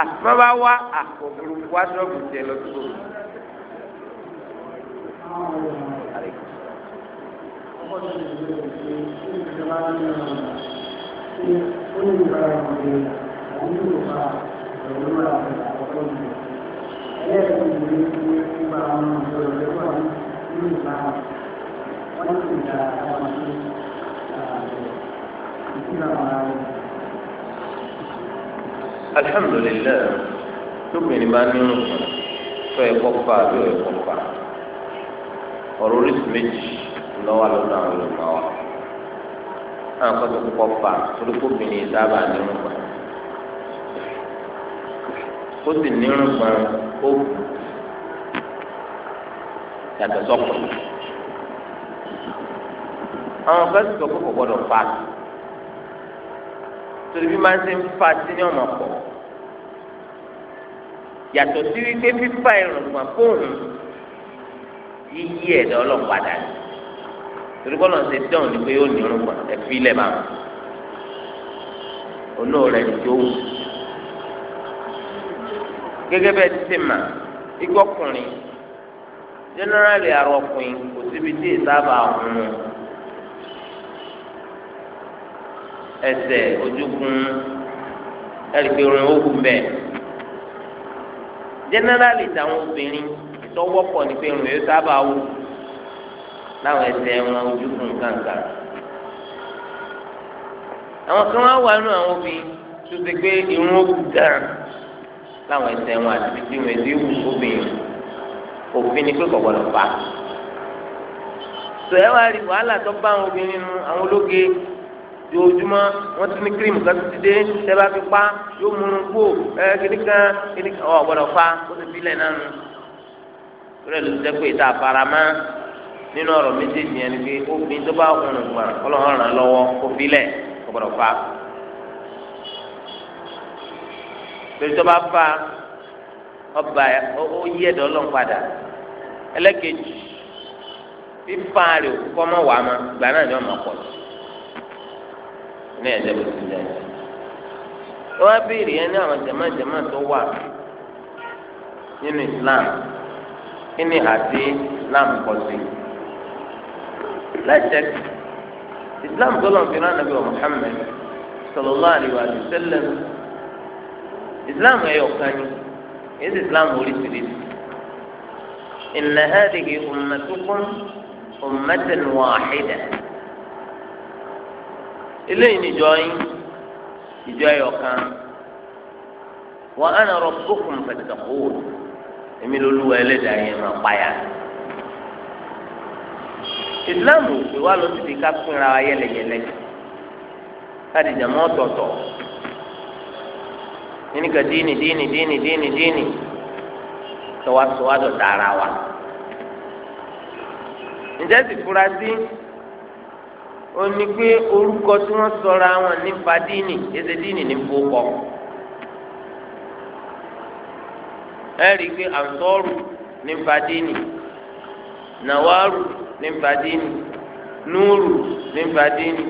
à má bá wá àpò burúkú wá ṣọ́ọ̀bù jẹ lọ sí òru. Thank you òwúrọ̀ àti àkọ́kọ́ ìlú ẹlẹ́ẹ̀kan ìlú ní nípa àwọn ìjọba ìjọba nínú ìbára wọ́n sì dá àwọn tó ìtura ara rẹ̀. alhamdulilayi lóbìnrin máa ní irun tó ẹ̀kọ́ fà á ló ẹ̀kọ́ fà á ọ̀rọ̀ oríṣi méjì lọ́wọ́ lọ́dọ̀ àwọn olùmọ̀ wa àwọn akọ́tọ̀ púpọ̀ fà á torí kóbìnrin sábà ní irun pa ó sì nírun kan ó kù yàtọ̀ sọ́kùn. àwọn kan sì sọ pé kò gbọdọ̀ fa torí bí máa ń ṣe ń fa sí ní ọ̀nà pọ̀ yàtọ̀ sí wípé fífa irùngbọ̀n fóònù yíyí ẹ̀dá ọlọ́pàá dání torí bọ́lá ń ṣe dáhùn ni pé ó ní irùngbọ̀n ẹ̀fí lẹ̀ máa ń onú rẹ̀ ni tó wù gẹ́gẹ́ bẹ́ẹ̀ ti ti mà igbọkùnrin generally arọkùnrin kò síbi tí ìsábà hùn ẹsẹ̀ ojúkun ẹrìgbẹ orin ó hùn bẹ́ẹ̀ generally táwọn obìnrin tó wọ́pọ̀ ní pé irun yóò sábà hù láwọn ẹsẹ̀ wọn ojúkun kankan àwọn kan wá wà nù àwọn obìnrin tó ti gbé irun ó hù láwọn ẹsẹ̀ wọn àti títí wọn ẹsẹ̀ wù obìnrin òfin ni pé kò gbọdọ̀ fà á sọ ẹ wá rí wàhálà tó bá àwọn obìnrin nu àwọn ológe ojoojúmọ́ wọn ti ní kírímù kan ti dé tẹ bá fi pa yóò múnú kó ẹ kìnnìkan kìnnìkan ọ gbọdọ̀ fa kó ti bílẹ̀ náà nu rẹ ló ti dẹ́kun ìta àfarama nínú ọ̀rọ̀ méjèèjì yẹn ni pé obìnrin tó bá hùn gbà kọ́lọ́ hàn lọ́wọ́ kó bílẹ̀ kó gbọdọ̀ tòlítọ́ba fa ọba ó yí padà ẹlẹ́kejì fífa rẹ̀ kọ́ mọ́ wàá ma náà ni wọ́n máa pọ̀ jù ní ẹ̀jẹ̀ bó ti jẹ́ wá béèrè yẹn ní àwọn jẹ̀mọ́jẹ̀mọ́ tó wà nínú Islam kí ni àti Islam kọ́ sí lẹ́sẹ̀ Islam tó lọ́n fi rán muhammed wa islam ẹyọ kan ni èyí sì islam oríṣiríṣi inna hadhihi ummatukum ummatan wahida eléyìí níjọ yín ìjọ ẹyọ kan wa ana rabbukum fattaqun èmi lolúwa ẹlẹ́dàá yẹn máa payà islam ò pé wá lọ ká pínra yẹlẹyẹlẹ káàdì jàmọ́ ọ̀tọ̀ọ̀tọ̀ nínú ka díìnì díìnì díìnì díìnì díìnì sọwọ́sọwọ́dọ̀ tààrà wa. ǹjẹ́ sì fura sí ó ní pé orúkọ tí wọ́n sọra wọn nípa díìnì ẹsẹ̀ díìnì ní fowópọ. ẹ rí i pé àǹsọ́ọ̀rù nípa díìnì nàwárù nípa díìnì núùrù nípa díìnì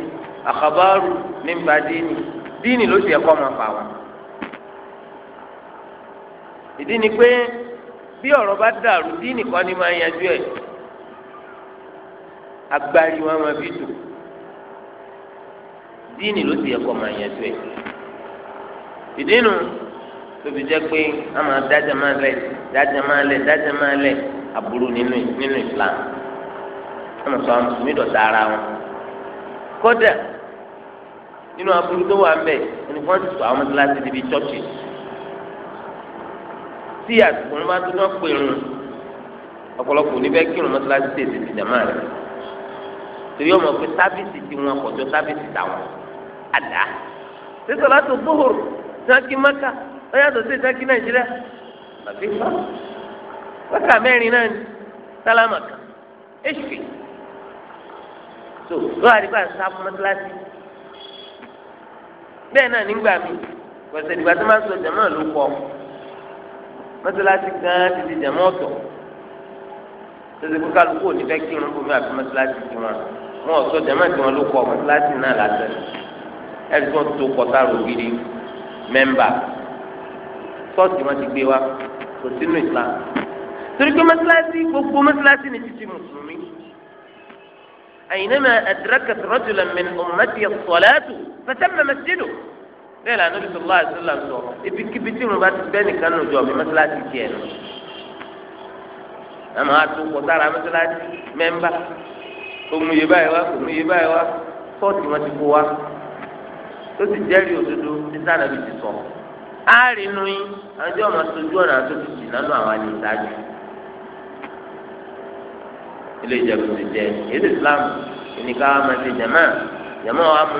àkàbárù nípa díìnì díìnì ló ti ẹ̀kọ́ máa fà wọn ìdí ni pé bí ọ̀rọ̀ bá dàrú díìnì kan ni máa yanjú ẹ̀ agbárí wọn máa fi dùn díìnì ló ti yẹ kó máa yanjú ẹ̀ ìdí nu tóbi jẹ́ pé a máa dájà máa lẹ̀ dájà máa lẹ̀ dájà máa lẹ̀ aburú nínú nínú Islam wọn sọ àwọn mùsùlùmí dọ̀tá ara wọn kódà nínú aburú tó wà ń bẹ̀ ẹni fún wọn ti sọ àwọn mọ́tíláṣí níbi churches. tí àsìkò máa tó náà pè ọ̀pọ̀lọpọ̀ oníbẹ̀ kírun mọ́tíláṣí tètè ti jàmá rẹ̀ torí ọmọ pé sábìsì tí wọn kọ̀ tó sábìsì táwọn àdá sísọ láti gbóhòrò sáńkì mẹ́ka ó yàtọ̀ sí sáńkì nàìjíríà àti fún un mẹ́ka mẹ́rin náà ni sálámà kan tó lọ́wọ́ àdìgbà mọ́tíláṣí bẹ́ẹ̀ náà nígbà mi pẹ̀sẹ̀ mọ́sálásí gan ti di jàmọ́ ọ̀tọ̀ tètè kó kálukú ò ní fẹ́ kírun fún mi àfi mọ́sálásí ti wọn wọn ọ̀tọ̀ jàmọ́ ti wọn ló kọ mọ́sálásí náà lásán ẹni tó tó kọta rògiri mẹ́mbà ṣọ́ọ̀ṣì wọn ti gbé wa kò sínú ìlà torí pé mọ́sálásí gbogbo mọ́sálásí ni títí mùsùlùmí àyìnbó àdìrákàtì rọ́jùlá min ummati as bẹ́ẹ̀ lànà bí sọlá àṣìlá sọ ibikíbi tí mo bá ti bẹ́ nìkan nù jọ mi mọ́sálásí tiẹ̀ nù àmọ́ àtúkọ̀ sára mọ́sálásí mẹ́mbà òmùyè báyìí wá òmùyè báyìí wá fọ́ọ̀tì wọn ti kó wa tó ti jẹ́rìí òdodo tí sára mi ti sọ áàrin nu yín àwọn tí wọn máa sojú ọ̀nà tó ti jì nánú àwọn àyè ìdájọ́ ilé ìjẹ̀bù ti jẹ èdè Islam ìníkà wa máa ti jẹ̀mọ́ jẹ̀mọ́ wa mú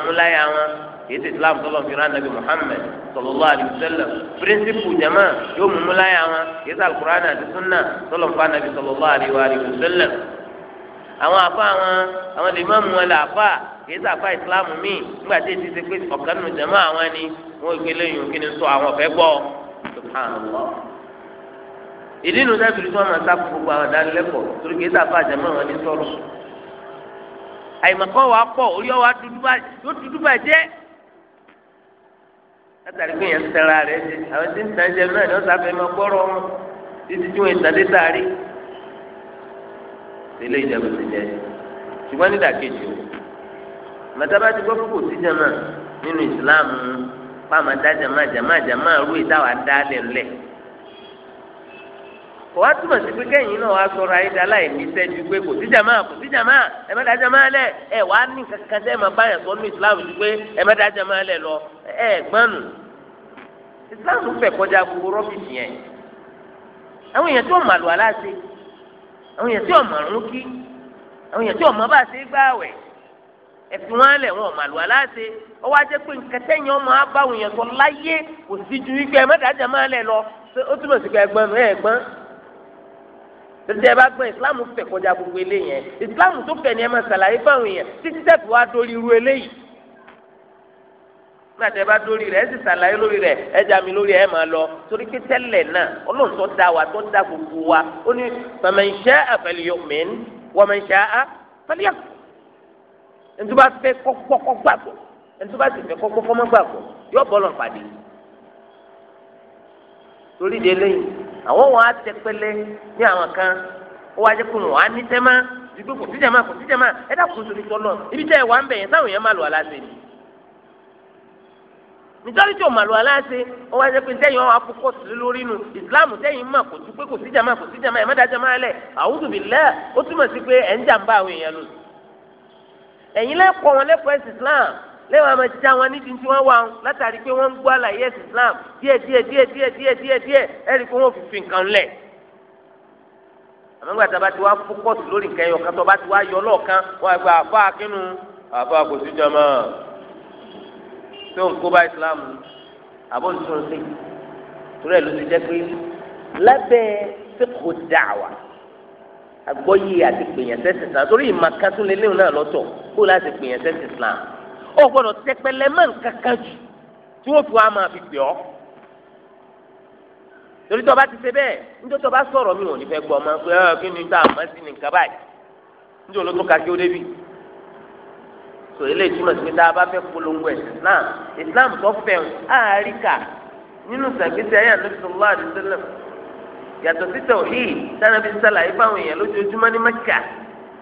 kìí ṣe islam tó lọ fi rán nabi muhammed sallallahu alaihi wasallam píríncípù jama yóò mú mú láyà wọn kìí ṣe alukur'an àti sunna tó lọ fa nabi sallallahu alaihi wasallam àwọn afa wọn àwọn lè má mú ẹ làáfà kìí ṣe afa islam míì nígbà tí èsì ṣe pé ọ̀kan nù jama àwọn ni wọn gbé lẹ́yìn kí ni sọ àwọn ọ̀fẹ́ gbọ́ subhanallah ìdí nu sábìrì tí wọn máa sá gbogbo àwọn ìdánilẹ́kọ̀ọ́ torí kìí ṣe afa jama wọn ní sọ̀rọ̀ àyèmọ̀kọ́ wa pọ̀ orí ọwọ́ dúdú bàjẹ́ látàrí pé yẹn ń tẹ́ra rẹ̀ ṣe àwọn tí ń tẹ́ jẹ náà ni wọ́n sábẹ́ máa gbọ́rọ̀ wọn títí tí wọ́n ìtàdé sáré tẹ́lẹ̀ ìjẹ́bù ti jẹ́ ṣùgbọ́n nígbà kejì o màtàbá ti gbọ́ púpọ̀ sí jẹ́mà nínú ìsìláàmù pàmò dá jẹ́mà jẹ́mà jẹ́mà rú ìdáwà dá lẹ̀ kò wá túmọ̀ sí pé kẹ́yìn náà wá sọ̀rọ̀ ayé dá láì ní sẹ́jú kò sí jàmá kò sí ẹ ní kankan tẹ́ ẹ sọ ní islam ju pé ẹ lọ ẹ gbọ́nù islam fẹ́ kọjá gbogbo yẹn àwọn èèyàn tí wọ́n aláṣẹ àwọn èèyàn tí wọ́n kí àwọn èèyàn tí wọ́n bá ṣe gbáwẹ̀ wọn lẹ̀ wọn aláṣẹ ọwọ́ ajẹ́ pé tètè ẹ bá gbọ́ ìsìláàmù fẹ̀ kọjá gbogbo eléyìí yẹn ìsìláàmù tó fẹ̀ ni ẹ máa ṣàlàyé fáwọn èèyàn títí tẹ̀fù wá dórí irú eléyìí nígbà tẹ bá dórí rẹ̀ ẹ sì ṣàlàyé lórí rẹ̀ ẹ jà mí lórí ẹ máa lọ torí pé tẹ́lẹ̀ náà ọlọ́run tó dá wa tó dá gbogbo wa ó ní faman sha'a falyu'min wa man sha'a falyakfur ẹni tó bá fẹ́ kọ́kọ́ gbàgbọ́ ẹni tó bá sì fẹ́ kọ́kọ́ fọ́mọ́ torí de lẹ́yìn àwọn wọn á tẹpẹlẹ ní àwọn kan ó wá jẹ́ kó wọn á ní tẹ́má dùgbò kò sí jàmá kò sí jàmá ẹ dákun torí tọ́lọ̀ ibi tẹ́ ẹ wà ń bẹ̀ yẹn táwọn èèyàn máa lò aláṣẹ ni nítorí tí o màlúwa aláṣẹ ó wá jẹ́ pé tẹ́yìn wọn á fọkọ̀ sí lórí nu ìsìláàmù tẹ́yìn mọ̀ kò tún pé kò sí jàmá kò sí jàmá ẹ̀ mẹ́ta jàmá lẹ̀ àwùjọ bí lẹ́ ó túmọ̀ sí pé ẹ̀ ń jàǹbá àwọn èèyàn lò lẹ́wọ̀n àmọ́ jíjá wọn nídìí tí wọ́n wà ń látàrí pé wọ́n ń gbọ́ àlàyé ẹ̀sìn Islam díẹ̀ díẹ̀ díẹ̀ díẹ̀ díẹ̀ díẹ̀ díẹ̀ ẹ̀rí pé wọ́n fi fi nǹkan lẹ̀. àmọ́ gbàtà bá ti wá fókọ̀sì lórí nǹkan ẹ̀yọ̀ kan tó bá ti wá yọ lọ́ọ̀kan wọ́n á gba àfa akínú àfa kò sí jọmọ́ tó ń kó bá Islam àbó ń tún sí torí ẹ̀ ló ti jẹ́ pé lábẹ́ fíkò dàwà àgbọ́yé àti pèyàn sẹ́sìn Islam torí ìmàkàtúnlélẹ́hùn náà lọ́tọ̀ kó láti Islam ó gbọ́dọ̀ tẹpẹlẹ mọ́ nǹkan kan jù tí wọ́n fi wá máa fi pè ọ́ torí tó bá ti ṣe bẹ́ẹ̀ nítorí tó bá sọ̀rọ̀ mi ò ní fẹ́ gbọ́ ọmọ pé ẹ kí ni tá a máa sí ní nǹkan báyìí nítorí olótó ka kí ó débi tò ilé ìtumọ̀ sí pé tá a bá fẹ́ polongo ẹ̀ náà Islam tó fẹ́ràn áàríkà nínú sàgbésí ayé àti sọlá àti sẹlẹ̀ yàtọ̀ sí tẹ̀wọ̀hì sanabi sàlàyé fáwọn èèyàn lójoojúmọ́ ní Mẹ́kà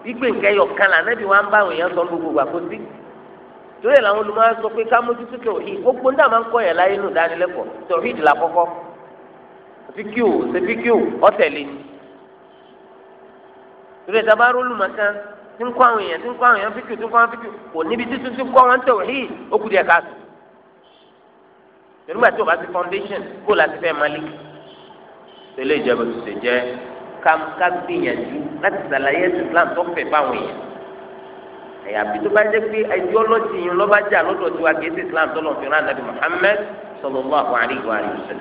gbígbé nǹkan ẹyọ kan là nẹ́bí wọn bá àwọn èèyàn sọ gbogbo àkóso torí ẹ̀ làwọn olùmọ̀ sọ pé ká mójútó tòhíd gbogbo ń dàmà ń kọ́ yẹn láyé nù dánilẹ́kọ̀ọ́ tòhíd là kọ́kọ́ fíkíù ṣe fíkíù ọ̀tẹ̀lẹ̀ torí ẹ̀ dábàá rólùmọ̀ kan tí ń kọ́ àwọn èèyàn tí ń kọ́ àwọn èèyàn fíkíù tí ń kọ́ àwọn fíkíù kò níbi títí tí ń kọ́ wọn tòhíd ó kù díẹ̀ káàtó nígbà tí o bá ti foundation kó láti fẹ́ malik tẹ́lẹ̀ ìjọba tó ṣe jẹ́ ká gbìyànjú láti ṣàlàyé Islam tó fẹ́ báwọn èèyàn àyàfi tó bá jẹ́ pé ideology yìí lọ́ba jà lọ́dọ̀ tí wàá gẹ̀ẹ́sì islam tọ́lọ̀ fi rán nàbì muhammed sallallahu alaihi wa sallam.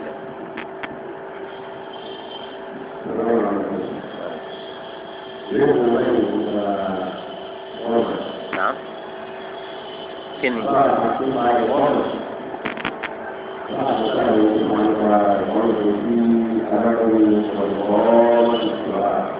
kíni. Thank you.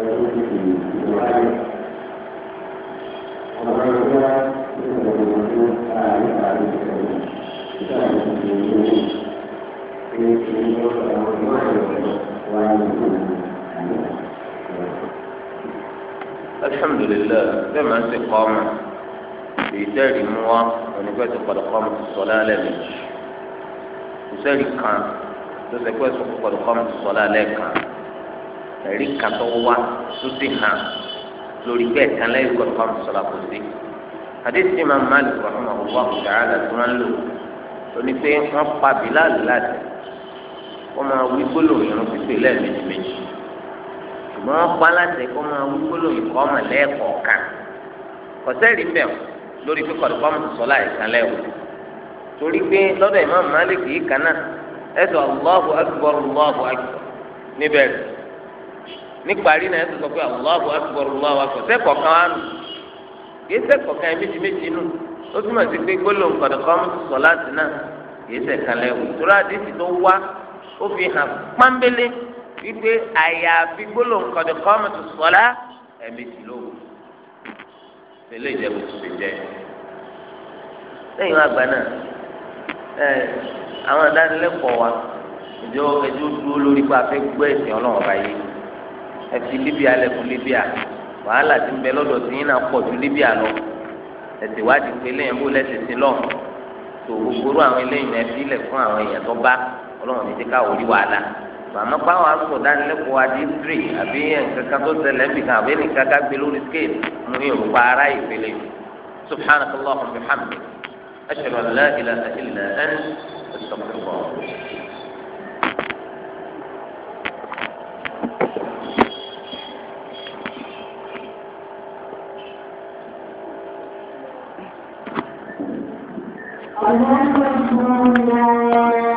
alhamdulillah bẹ́ẹ̀ máa ń ṣe kọ́ ọmọ èyí tẹ́rì mú wa onígbà tó padà kọ́ ọmọ tó sọ lálẹ́ méjì kò sẹ́rì kan tó sẹ́kọ́ ẹ̀sùn kó padà kọ́ ọmọ tó sọ lálẹ́ kan ẹ̀rí kàtọ́ wá tó sì hàn lórí bẹ́ẹ̀ kan lẹ́yìn kọ́ ọ̀rọ̀ sọ̀rọ̀ kò sí. àdéhùn ìmọ̀ Malik rahman ọ̀wá ọ̀gára láti máa ń lò lóní pé wọ́n pa Bilal láti kó máa wí gbólóhùn irun pípé lẹ́ẹ̀mejì méjì ṣùgbọ́n wọ́n pa láti kó máa wí gbólóhùn ikọ̀ ọmọ lẹ́ẹ̀kọ̀ọ̀kan kọ̀sẹ́rì ń bẹ̀ lórí pé kọ̀dùkọ́ ọmọ sọ̀lá ìkan lẹ́wọ̀ torí pé lọ́dọ̀ ìmọ̀ Malik yìí kan náà ẹ̀sọ̀ Allahu akbar Allahu níparí náà ẹsẹ sọ pé Allahu Akbar Allahu Akbar sẹkọọ kan á nù kì í sẹkọọ kan méjì méjì nù ó túmọ̀ sí pé gbólóhùn kọ̀dọ̀kọ́ sọ láti náà kì í sẹ̀kan lẹ́wù torí àdéhùn tó wá ó fi hàn pọ́nbélé wípé àyàfi gbólóhùn kọ̀dọ̀kọ́ sọ lá ẹ̀mẹjì ló wù pẹ̀lú ìjẹ́bù tó ṣe jẹ́ lẹ́yìn àgbà náà ẹ̀ àwọn ìdánilẹ́kọ̀ọ́ wa ìjọ ẹjọ́ dúró lórí pé a fẹ́ gbọ́ ẹ̀sìn ọlọ́run báyìí ẹ̀fì libya lẹ́kùn libya wàhálà ti ń bẹ lọ́dọ̀ sí yín náà pọ̀ ju libya lọ ẹ̀sìn wádìí pé lẹ́yìn bó lẹ́sìn sí lọ tó gbogbo àwọn eléyìn ẹ̀fì lẹ̀ fún àwọn èèyàn tó bá ọlọ́run ní ti ká orí wàhálà màmá báwọn aṣọ ìdánilẹ́kọ̀ọ́ adi tiri àbí nǹkankan tó ṣẹlẹ̀ ń àbí nǹkankan gbé lórí scale mú yorùbá ara ìpele subhanahu wa ta'ala wa bihamdi الله أكبر الله